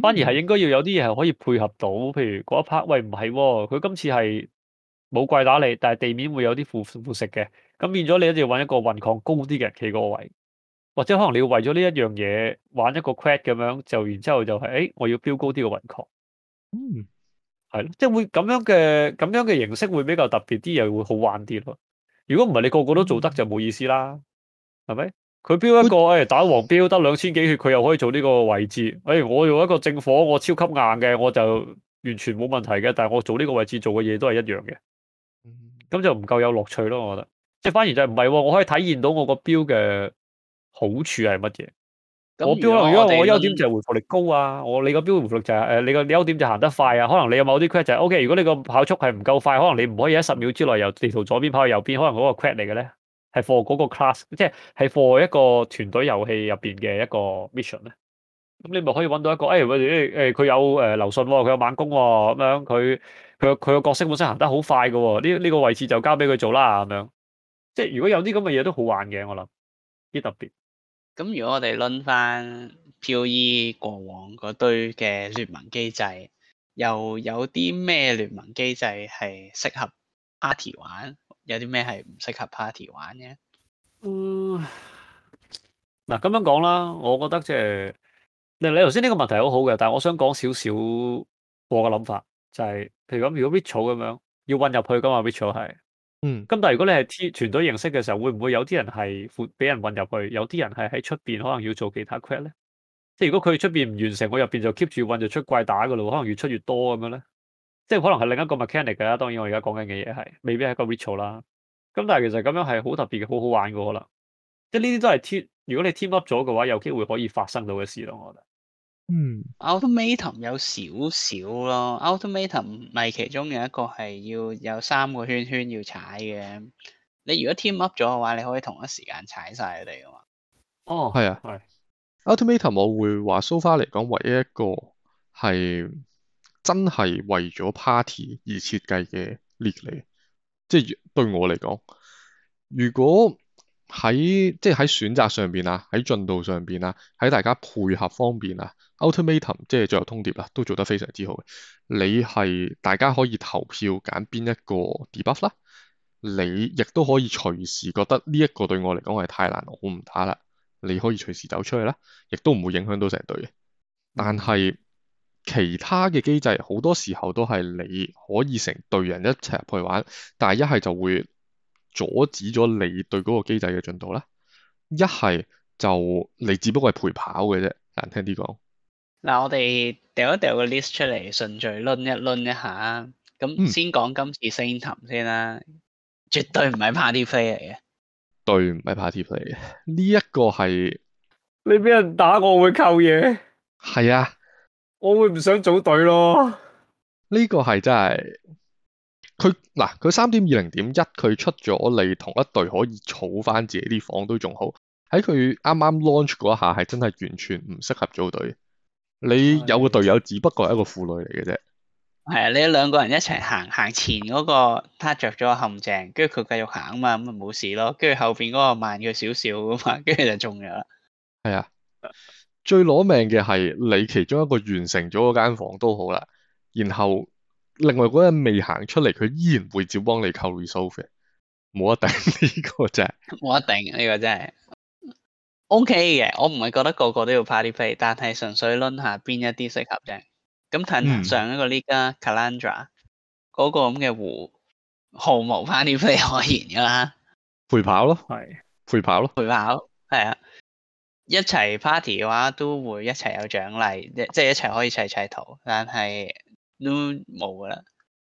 反而係應該要有啲嘢係可以配合到，譬如嗰一 part，喂，唔係喎，佢、哦、今次係冇怪打你，但係地面會有啲腐附蝕嘅，咁變咗你一定要揾一個雲礦高啲嘅企個位，或者可能你要為咗呢一樣嘢玩一個 crack 咁樣，就然之後就係、是，誒、哎、我要飆高啲嘅雲礦，嗯，係咯，即係會咁樣嘅咁樣嘅形式會比較特別啲又會好玩啲咯。如果唔係你個個都做得就冇意思啦，係咪？佢標一個誒、哎，打黃標得兩千幾血，佢又可以做呢個位置。誒、哎，我用一個正火，我超級硬嘅，我就完全冇問題嘅。但係我做呢個位置做嘅嘢都係一樣嘅。嗯，咁就唔夠有樂趣咯。我覺得即係反而就唔、是、係、哦，我可以體驗到我個標嘅好處係乜嘢。嗯、我標，如果我，我優點就係回復力高啊。我你個標回復力就係、是、誒、呃，你個你優點就行得快啊。可能你有某啲 c 就係、是、OK。如果你個跑速係唔夠快，可能你唔可以喺十秒之內由地圖左邊跑去右邊，可能嗰個 c 嚟嘅咧。係 for 嗰個 class，即係係 for 一個團隊遊戲入邊嘅一個 mission 咧。咁你咪可以揾到一個，誒、哎，我、哎、誒，佢、哎、有誒流信喎，佢、呃哦、有猛攻喎、哦，咁樣佢佢佢個角色本身行得好快嘅、哦，呢、這、呢個位置就交俾佢做啦，咁樣。即係如果有啲咁嘅嘢都好玩嘅，我諗，啲特別。咁如果我哋輪翻 PoE 過往嗰堆嘅聯盟機制，又有啲咩聯盟機制係適合 party 玩？有啲咩係唔適合 party 玩嘅？嗯，嗱咁樣講啦，我覺得即係，你你頭先呢個問題好好嘅，但係我想講少少我嘅諗法，就係譬如咁，如果 Ritual 咁樣要混入去㗎嘛，Ritual 係，嗯，咁但係如果你係 T 團隊形式嘅時候，會唔會有啲人係闊俾人混入去，有啲人係喺出邊可能要做其他 quest 咧？即係如果佢出邊唔完成，我入邊就 keep 住混，就出怪打㗎咯，可能越出越多咁樣咧。即係可能係另一個 mechanic 㗎啦，當然我而家講緊嘅嘢係未必係個 ritual 啦。咁但係其實咁樣係好特別嘅，好好玩嘅可能。即係呢啲都係 team，如果你 team up 咗嘅話，有機會可以發生到嘅事咯，我覺得嗯。嗯 Ultimatum 有少少咯。Ultimatum 咪其中有一個係要有三個圈圈要踩嘅。你如果 team up 咗嘅話，你可以同一時間踩晒佢哋嘅嘛。哦，係啊，係是。Ultimatum 我會話 so far 嚟講，唯一一個係。真係為咗 party 而設計嘅列嚟，即係對我嚟講，如果喺即係喺選擇上邊啊，喺進度上邊啊，喺大家配合方面啊，Ultimatum 即係最後通牒啦，都做得非常之好。你係大家可以投票揀邊一個 debuff 啦，你亦都可以隨時覺得呢一個對我嚟講係太難，我唔打啦。你可以隨時走出去啦，亦都唔會影響到成隊嘅。但係其他嘅機制好多時候都係你可以成隊人一齊陪玩，但係一係就會阻止咗你對嗰個機制嘅進度啦。一係就你只不過係陪跑嘅啫，難聽啲講。嗱，我哋掉一掉個 list 出嚟，順序掄一掄一下，咁先講今次 Sanctum 先啦。嗯、絕對唔係 party play 嚟嘅，對，唔係 party play。嚟嘅。呢一個係你俾人打我，我會扣嘢。係啊。我會唔想組隊咯？呢個係真係佢嗱，佢三點二零點一，佢出咗你同一隊可以儲翻自己啲房都仲好。喺佢啱啱 launch 嗰一下，係真係完全唔適合組隊。你有個隊友只不過係一個負累嚟嘅啫。係啊， 你兩個人一齊行行前嗰個，撻着咗陷阱，跟住佢繼續行啊嘛，咁咪冇事咯。跟住後邊嗰個慢佢少少啊嘛，跟住就中咗喇。係啊。最攞命嘅係你其中一個完成咗嗰間房都好啦，然後另外嗰個人未行出嚟，佢依然會接幫你扣 resolve，冇一定呢個啫，冇一定呢個真係、這個、OK 嘅，我唔係覺得個個都要 party play，但係純粹論下邊一啲適合啫。咁睇上一個呢家 Calandra 嗰個咁嘅湖毫無 party play 可言㗎啦，陪跑咯，係陪跑咯，陪跑，係是啊。一齊 party 嘅話都會一齊有獎勵，即即係一齊可以砌砌圖，但係都冇噶啦。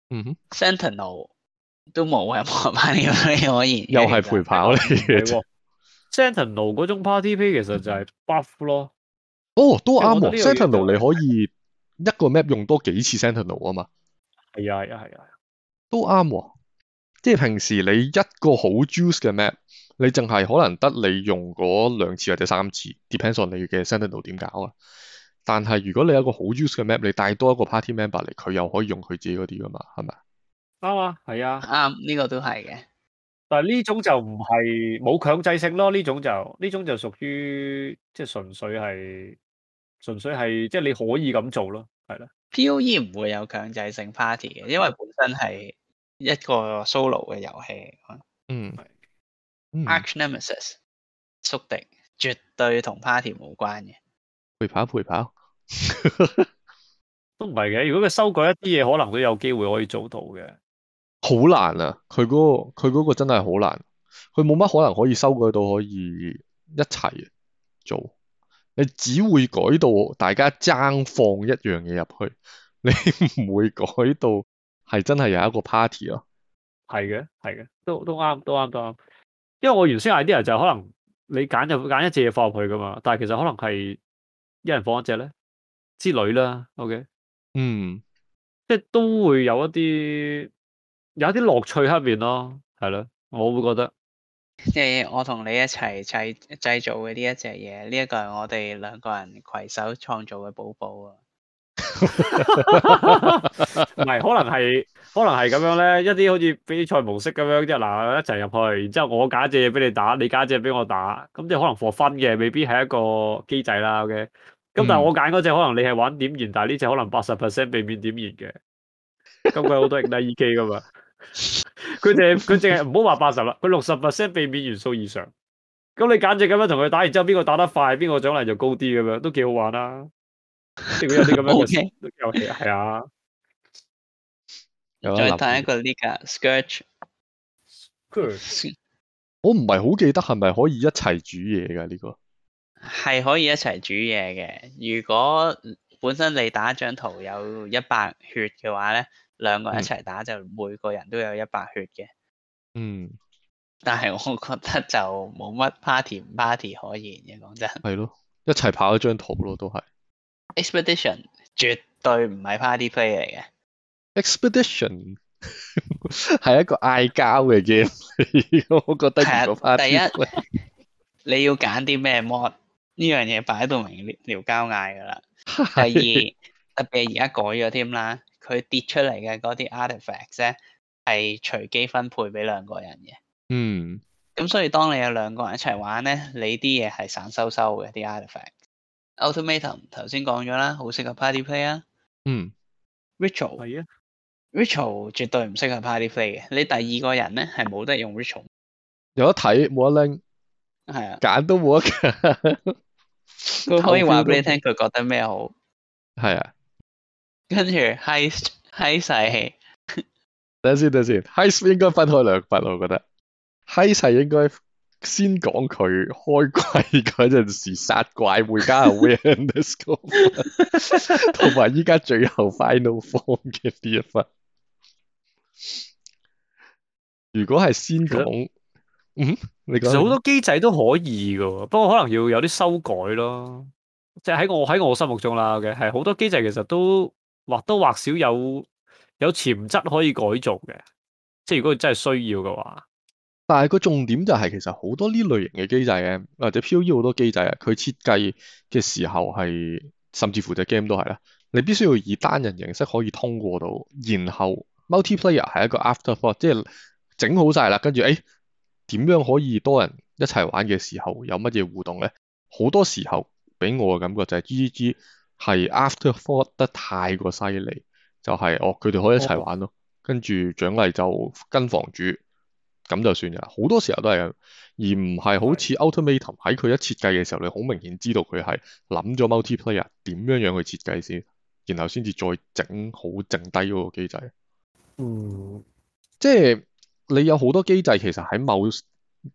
嗯哼，Sentinel 都冇啊，冇 party 可以。又係陪跑嚟嘅。 Sentinel 嗰種 party pay 其實就係 buff 咯。嗯、哦，都啱喎、啊。就是、Sentinel 你可以一個 map 用多幾次 Sentinel 啊嘛。係啊係啊係啊。啊啊都啱、啊，即係平時你一個好 juice 嘅 map。你淨係可能得你用嗰兩次或者三次，depends on 你嘅 Sentinel 點搞啊。但係如果你有個好 use 嘅 map，你帶多一個 party member 嚟，佢又可以用佢自己嗰啲噶嘛，係咪？啱啊，係啊，啱、嗯，呢、呢個都係嘅。但係呢種就唔係冇強制性咯，呢種就呢種就屬於即係純粹係純粹係即係你可以咁做咯，係啦。P.O.E 唔會有強制性 party 嘅，因為本身係一個 solo 嘅遊戲。嗯。Archnemesis c 宿敵絕對同 party 冇關嘅，陪跑陪跑。 都唔係嘅。如果佢修改一啲嘢，可能都有機會可以做到嘅。好難啊！佢嗰個、佢嗰個真係好難。佢冇乜可能可以修改到可以一齊做。你只會改到大家爭放一樣嘢入去，你唔會改到係真係有一個 party 咯，啊。係嘅，係嘅，都都啱，都啱，都啱。都因為我原先 idea 就可能你揀就揀一隻嘢放入去噶嘛，但係其實可能係一人放一隻咧之類啦。OK，嗯，即係都會有一啲有一啲樂趣喺入面咯，係咯，我會覺得即係我同你一齊製製造嘅呢一隻嘢，呢一個係我哋兩個人攜手創造嘅寶寶啊！唔係， 可能係，可能係咁樣咧，一啲好似比賽模式咁樣啫。嗱，一齊入去，然之後我揀隻嘢俾你打，你揀隻俾我打，咁就可能 f 分嘅，未必係一個機制啦嘅。咁、okay? 但係我揀嗰隻可能你係玩點燃，但係呢隻可能八十 percent 避免點燃嘅。咁佢好多逆例 E K 噶嘛？佢淨係佢淨係唔好話八十啦，佢六十 percent 避免元素以上。咁你揀隻咁樣同佢打，然之後邊個打得快，邊個獎勵就高啲咁樣，都幾好玩啦。有 O K，遊戲係啊， Okay. 再睇一個呢個 Scourge。Scourge，Good. 我唔係好記得係咪可以一齊煮嘢噶呢個？係可以一齊煮嘢嘅。如果本身你打一張圖有一百血嘅話咧，兩個人一齊打就每個人都有一百血嘅。嗯，但係我覺得就冇乜 party 唔 party 可言嘅，講真。係咯，一齊跑一張圖咯，都係。Expedition 絕對唔係 party play 嚟嘅。Expedition 係一個嗌交嘅 game，我覺得。其實第一你要揀啲咩 mod 呢樣嘢擺喺度明撩交嗌㗎喇。第二特別而家改咗添啦，佢跌出嚟嘅嗰啲 artifact 咧係隨機分配俾兩個人嘅。嗯。咁所以當你有兩個人一齊玩咧，你啲嘢係散修修嘅啲 artifact。Automation 頭先講咗啦，好適合 party play 啊、嗯。嗯，Ritual 係啊的，Ritual 絕對唔適合 party play 嘅。你第二個人咧係冇得用 Ritual，有得睇冇的得拎，係啊，揀都冇得揀。佢可以話俾你聽，佢覺得咩好？係啊的，跟住 Heist Heist，係等先等先，Heist 應該分開兩筆我覺得。Heist 應該。先講佢開怪嗰陣時殺怪會加個 Wanderscope 同埋依家最後 Final Form 嘅呢一忽，如果係先講，實嗯，你講其實好多機制都可以噶，不過可能要有啲修改咯。即係喺我喺我心目中啦嘅，係好多機制其實都或多或少有有潛質可以改造嘅，即係如果真係需要嘅話。但係個重點就係其實好多呢類型嘅機制嘅，或者 POE 好多機制啊，佢設計嘅時候係甚至乎隻 game 都係啦，你必須要以單人形式可以通過到，然後 multiplayer 係一個 afterthought，即係整好晒啦，跟住誒點樣可以多人一齊玩嘅時候有乜嘢互動咧？好多時候俾我嘅感覺就係 GGG 係 afterthought 得太過犀利，就係、是、哦佢哋可以一齊玩咯，跟住、哦、獎勵就跟房主。咁就算啦，好多時候都係，而唔係好似 Ultimatum 喺佢一設計嘅時候，的你好明顯知道佢係諗咗 multiplayer 點樣樣去設計先，然後先至再整好剩低嗰個機制。嗯，即係你有好多機制，其實喺某啲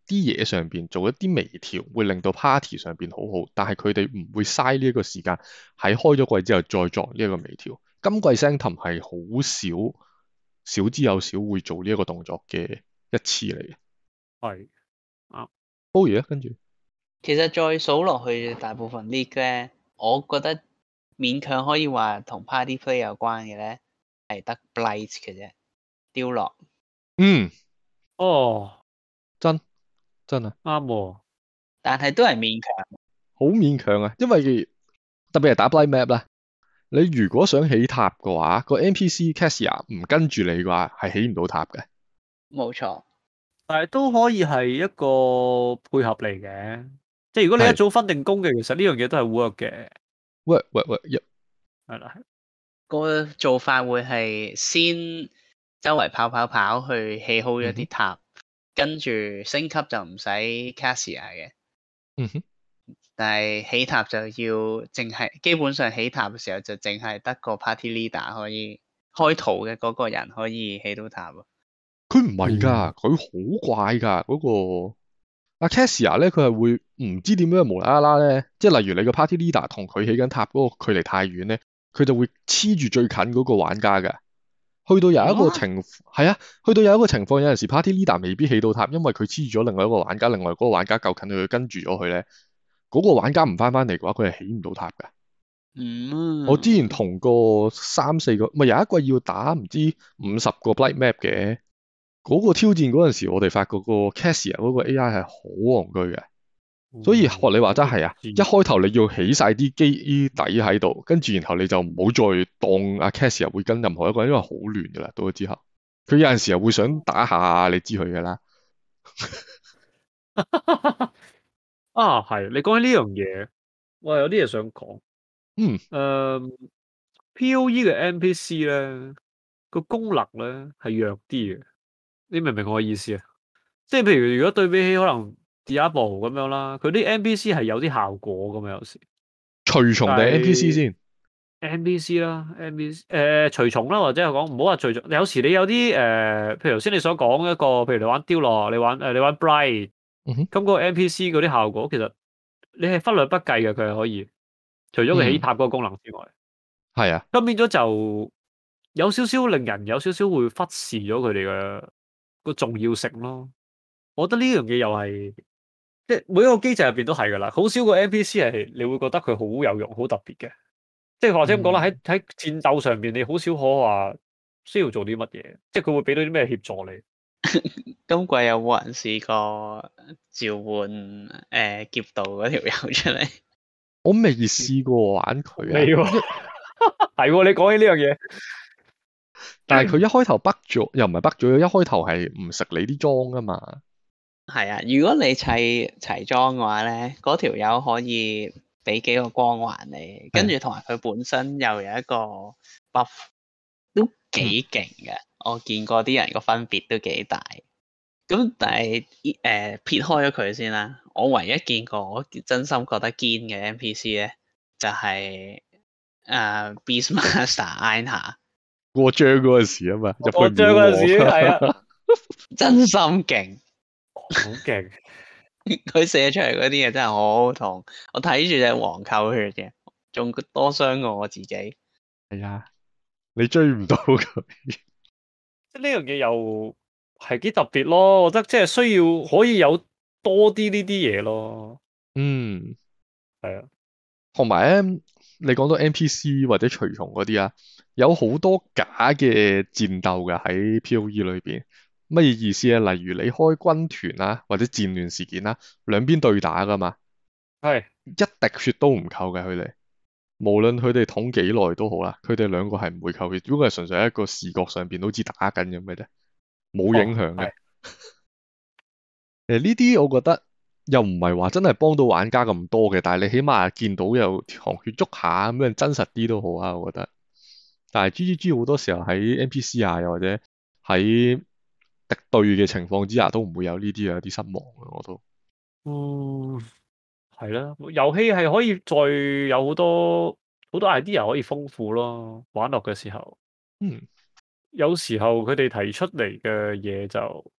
嘢上邊做一啲微調，會令到 party 上邊好好，但係佢哋唔會嘥呢一個時間喺開咗季之後再作呢一個微調。今季 Sanctum 係好少少之又少會做呢一個動作嘅。一次嚟嘅，係啊的，煲嘢，oh, yeah，跟住，其實再數落去，大部分呢啲咧，我覺得勉強可以話同 party play 有關嘅咧，係得 Blight 嘅啫，丟落。嗯，哦，oh，真真啊，啱，Right. 但係都係勉強，好勉強啊，因為特別係打 Blight map 啦，你如果想起塔嘅話，個 NPC cassia 唔跟住你嘅話，係起唔到塔嘅。冇錯，錯但係都可以係一個配合嚟嘅，即、就、係、是、如果你一早分定工嘅，的其實呢樣嘢都係 work 嘅。work，work，work 一係啦，個做法會係先周圍跑跑跑去起好咗啲塔，嗯、哼跟住升級就唔使 cast 嘅。嗯哼，但係起塔就要淨係基本上起塔嘅時候就淨係得個 party leader 可以開圖嘅嗰個人可以起到塔。佢唔係噶，佢好怪噶，嗰、那個阿 Cassia 咧，佢、啊、係會唔知點樣無啦啦咧，即係例如你個 party leader 同佢起緊塔嗰個距離太遠咧，佢就會黐住最近嗰個玩家噶。去到有一個情係麼啊，去到有一個情況，有陣時 party leader 未必起到塔，因為佢黐住咗另外一個玩家。另外嗰個玩家夠近佢跟住咗佢咧，嗰、那個玩家唔翻翻嚟嘅話，佢係起唔到塔噶。嗯，我之前同過三四個咪、呃、有一個要打唔知五十個 Blight map 嘅。嗰個挑戰嗰陣時，我哋發覺個 Cassia 嗰個 AI 係好戇居嘅，所以學、嗯、你話真係啊！嗯、一開頭你要起晒啲機底喺度，跟住然後你就唔好再當阿 Cassia 會跟任何一個人，因為好亂噶啦，到咗之後，佢有陣時又會想打下你知佢噶啦。 啊，係你講緊呢樣嘢，我有啲嘢想講。嗯。誒，P. O. E 嘅 N. P. C 咧個功能咧係弱啲嘅。你明唔明我嘅意思啊？即係譬如如果對比起可能第二部咁樣啦，佢啲 NPC 係有啲效果咁樣？有時隨從定係 NPC 先？NPC 啦，NPC 誒，隨從啦，或者係講唔好話隨從。有時你有啲誒、呃，譬如頭先你所講一個，譬如你玩凋落，你玩誒、呃，你玩 Blight 咁個 NPC 嗰啲效果，其實你係忽略不計嘅。佢係可以除咗佢起塔嗰個功能之外，係、嗯、啊。咁變咗就有少少令人有少少會忽視咗佢哋嘅。個重要性咯，我覺得呢樣嘢，又係即係每一個機制入邊都係噶啦，好少個 NPC 係你會覺得佢好有用、好特別嘅，即係或者咁講啦，喺喺戰鬥上邊，你好少可話需要做啲乜嘢，即係佢會俾到啲咩協助你。今季有冇人試過召喚誒劫道嗰條友出嚟？我未試過玩佢啊，係你講起呢樣嘢。但係佢一開頭北咗，又唔係北咗，一開頭係唔食你啲裝噶嘛？係啊，如果你砌齊裝嘅話咧，嗰條友可以俾幾個光環你，的跟住同埋佢本身又有一個 buff，都幾勁嘅。嗯、我見過啲人個分別都幾大，咁但係誒、呃、撇開咗佢先啦。我唯一見過我真心覺得堅嘅 N P C 咧，就係、是、誒、呃、Beastmaster a n 過張嗰陣時啊嘛，過張嗰陣時係啊， 真心勁，好勁，佢寫 出嚟嗰啲嘢真係好痛，我睇住隻黃扣血嘅，仲多傷過我自己。係啊，你追唔到佢，即係呢樣嘢又係幾特別咯。我覺得即係需要可以有多啲呢啲嘢咯。嗯，係啊，同埋咧，你講到 NPC 或者隨從嗰啲啊。有好多假嘅戰鬥噶，喺 POE 裏邊，乜嘢意思咧？例如你開軍團啊，或者戰亂事件啦，啊，兩邊對打噶嘛，係是一滴血都唔扣嘅佢哋，無論佢哋捅幾耐都好啦，佢哋兩個係唔會扣血，如果係純粹一個視覺上邊，好似打緊咁嘅啫，冇影響嘅。誒呢啲我覺得又唔係話真係幫到玩家咁多嘅，但係你起碼見到有血捉下咁樣真實啲都好啊，我覺得。但係 G G G 好多時候喺 N P C 啊，又或者喺敵對嘅情況之下，都唔會有呢啲啊，有啲失望啊，我都。哦、嗯，係啦，遊戲係可以再有好多好多 idea 可以豐富咯，玩落嘅時候。嗯。有時候佢哋提出嚟嘅嘢就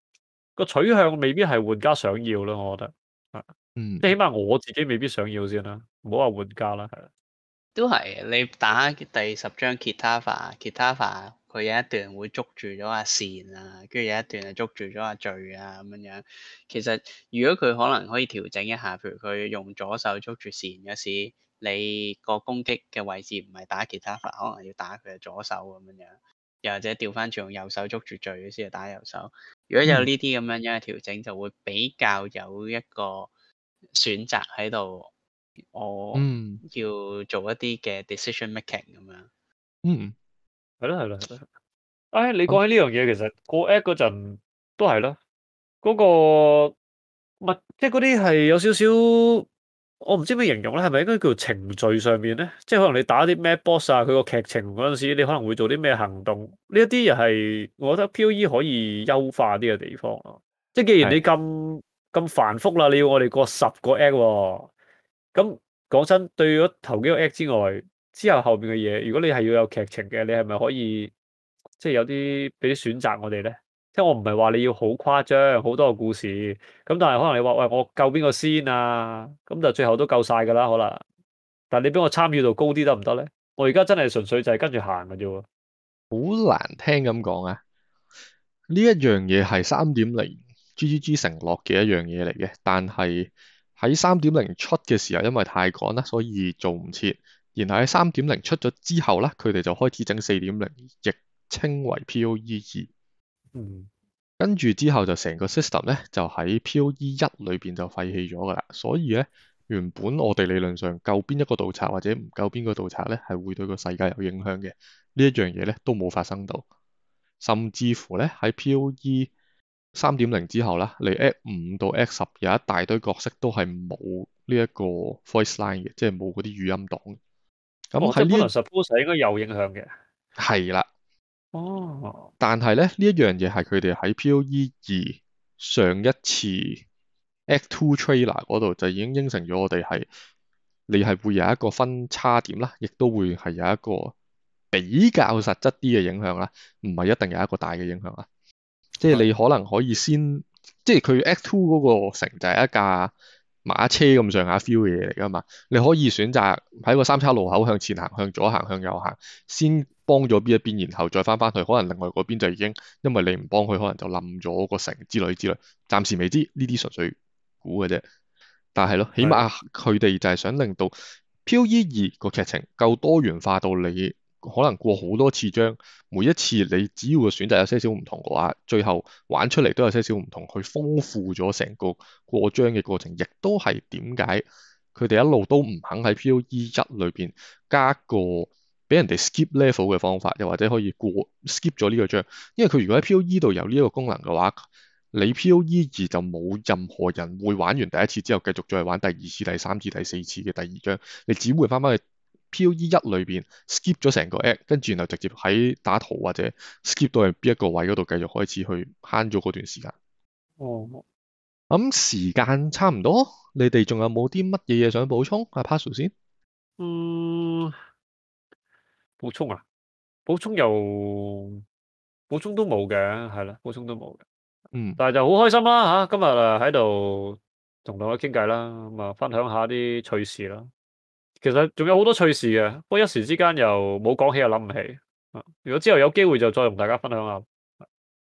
個取向未必係玩家想要咯，我覺得。啊。嗯。即係起碼我自己未必想要先啦，唔好話玩家啦，係。都係，你打第十章吉他法，吉他法，佢有一段會捉住咗阿善啊，跟住有一段係捉住咗阿罪啊咁樣。其實如果佢可能可以調整一下，譬如佢用左手捉住善有時，你個攻擊嘅位置唔係打吉他法，可能要打佢嘅左手咁樣，又或者調翻轉用右手捉住罪先去打右手。如果有呢啲咁樣樣嘅調整，嗯、就會比較有一個選擇喺度。我要做一啲嘅 decision making 咁、嗯、樣，嗯，係咯係咯， 哎，你講起呢樣嘢，其實過 act 嗰陣都係咯，嗰、那個乜，即係嗰啲係有少少，我唔知咩形容咧，係咪應該叫程序上面咧？即係可能你打啲 m a 咩 boss 啊，佢個劇情嗰陣時，你可能會做啲咩行動？呢一啲又係我覺得 POE 可以優化啲嘅地方咯。即係既然你咁咁的繁複啦，你要我哋過十個 act。咁講真，對咗頭幾個 act 之外，之後後邊嘅嘢，如果你係要有劇情嘅，你係咪可以即係有啲俾啲選擇我哋咧？即係我唔係話你要好誇張，好多個故事咁，但係可能你話喂，我救邊個先啊？咁就最後都救晒噶啦，可能。但係你俾我參與度高啲得唔得咧？我而家真係純粹就係跟住行嘅啫喎。好難聽咁講啊！呢一樣嘢係三點零 GGG 承諾嘅一樣嘢嚟嘅，但係。喺三點零出嘅時候，因為太趕啦，所以做唔切。然後喺三點零出咗之後咧，佢哋就開始整四點零，亦稱為 POE 二。嗯，跟住之後就成個 system 咧，就喺 POE 一裏邊就廢棄咗㗎啦。所以咧，原本我哋理論上救邊一個盜賊或者唔救邊個盜賊咧，係會對個世界有影響嘅呢一樣嘢咧，都冇發生到。甚至乎咧，喺 POE 3.0之後呢，你 Act 5到 Act 10有一大堆角色都係冇呢一個 voice line 嘅，即係冇嗰啲語音檔。咁喺呢 support 應該有影響嘅。係啦。哦。但係咧，呢一樣嘢係佢哋喺 POE 二上一次 Act 2 trailer 嗰度就已經應承咗我哋係，你係會有一個分叉點啦，亦都會係有一個比較實質啲嘅影響啦，唔係一定有一個大嘅影響啦。即係你可能可以先，即係佢 Act Two 嗰個城就係一架馬車咁上下 feel 嘅嘢嚟噶嘛，你可以選擇喺個三叉路口向前行、向左行、向右行，先幫咗邊一邊，然後再翻返去，可能另外嗰邊就已經，因為你唔幫佢，可能就冧咗個城之類之類，暫時未知，呢啲純粹估嘅啫。但係咯，是的 起碼佢哋就係想令到《POE 2》個劇情夠多元化到你。可能過好多次章，每一次你只要嘅選擇有些少唔同嘅話，最後玩出嚟都有些少唔同，去豐富咗成個過章嘅過程。亦都係點解佢哋一路都唔肯喺 POE 一裏邊加個俾人哋 skip level 嘅方法，又或者可以過 skip 咗呢個章。因為佢如果喺 POE 度有呢個功能嘅話，你 POE 二就冇任何人會玩完第一次之後繼續再玩第二次、第三次、第四次嘅第二章，你只會翻返去。POE 一裏邊 skip 咗成個 app，跟住然後直接喺打圖或者 skip 到喺邊一個位嗰度繼續開始去慳咗嗰段時間。哦，咁、哦嗯、時間差唔多，你哋仲有冇啲乜嘢嘢想補充？阿 Pasu 先。嗯，補充啊？補充又補充都冇嘅，係啦，補充都冇嘅。嗯，但係就好開心啦嚇、啊，今日誒喺度同大家傾偈啦，咁啊分享一下啲趣事啦。其實仲有好多趣事嘅，不過一時之間又冇講起，又諗唔起。如果之後有機會就再同大家分享下。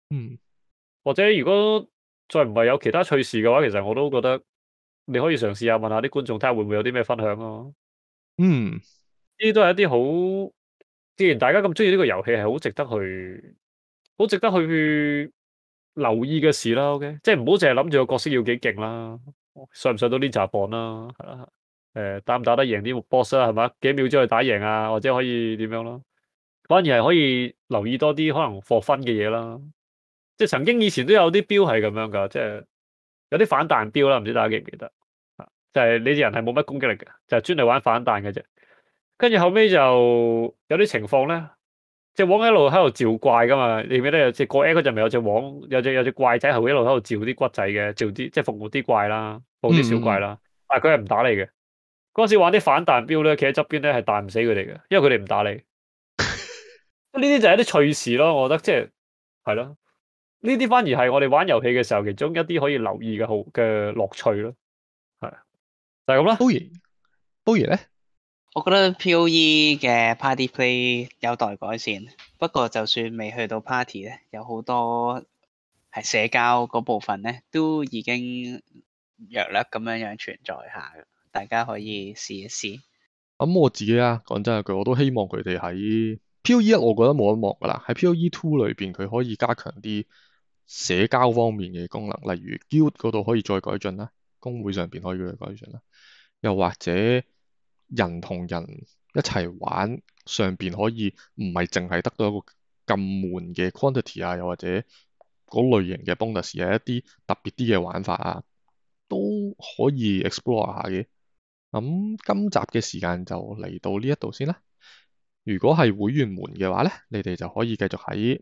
嗯，或者如果再唔係有其他趣事嘅話，其實我都覺得你可以嘗試下問下啲觀眾睇下會唔會有啲咩分享咯。嗯，呢都係一啲好，既然大家咁中意呢個遊戲，係好值得去，好值得去去留意嘅事啦。OK，即係唔好淨係諗住個角色要幾勁啦，上唔上到呢扎榜啦，係啦。誒，打唔打得贏啲 boss 啊？係嘛，幾秒之內去打贏啊？或者可以點樣咯？反而係可以留意多啲可能獲分嘅嘢啦。即係曾經以前都有啲標係咁樣噶，即係有啲反彈標啦，唔知大家記唔記得？就係你啲人係冇乜攻擊力嘅，就係專嚟玩反彈嘅啫。跟住後尾就有啲情況咧，即係往一路喺度召怪噶嘛。你記得有只過 X 嗰陣咪有隻往有隻有隻怪仔係會一路喺度召啲骨仔嘅，召啲即係復活啲怪啦，復活啲小怪啦。但係佢係唔打你嘅。嗰陣時玩啲反彈標咧，企喺側邊咧係彈唔死佢哋嘅，因為佢哋唔打你。呢 啲就係一啲趣事咯，我覺得即係係咯，呢啲反而係我哋玩遊戲嘅時候其中一啲可以留意嘅好嘅樂趣咯。係就係咁啦。Booye，Booye 咧，我覺得 POE 嘅 Party Play 有待改善。不過就算未去到 Party 咧，有好多係社交嗰部分咧，都已經弱略咁樣樣存在下。大家可以試一試。咁、嗯、我自己啊，講真一句，我都希望佢哋喺 Poe 一，PO e、我覺得冇乜望㗎喇。喺 Poe two 裏邊，佢可以加強啲社交方面嘅功能，例如 Guild 嗰度可以再改進啦，公會上邊可以再改進啦。又或者人同人一齊玩上邊可以唔係淨係得到一個咁悶嘅 quantity 啊，又或者嗰類型嘅 bonus 有一啲特別啲嘅玩法啊，都可以 explore 下嘅。咁今集嘅時間就嚟到呢一度先啦。如果係會員們嘅話呢，你哋就可以繼續喺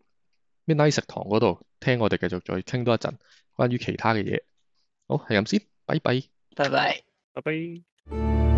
Midnight 食堂嗰度聽我哋繼續再傾多一陣關於其他嘅嘢。好，係咁先，拜拜，拜拜，拜拜。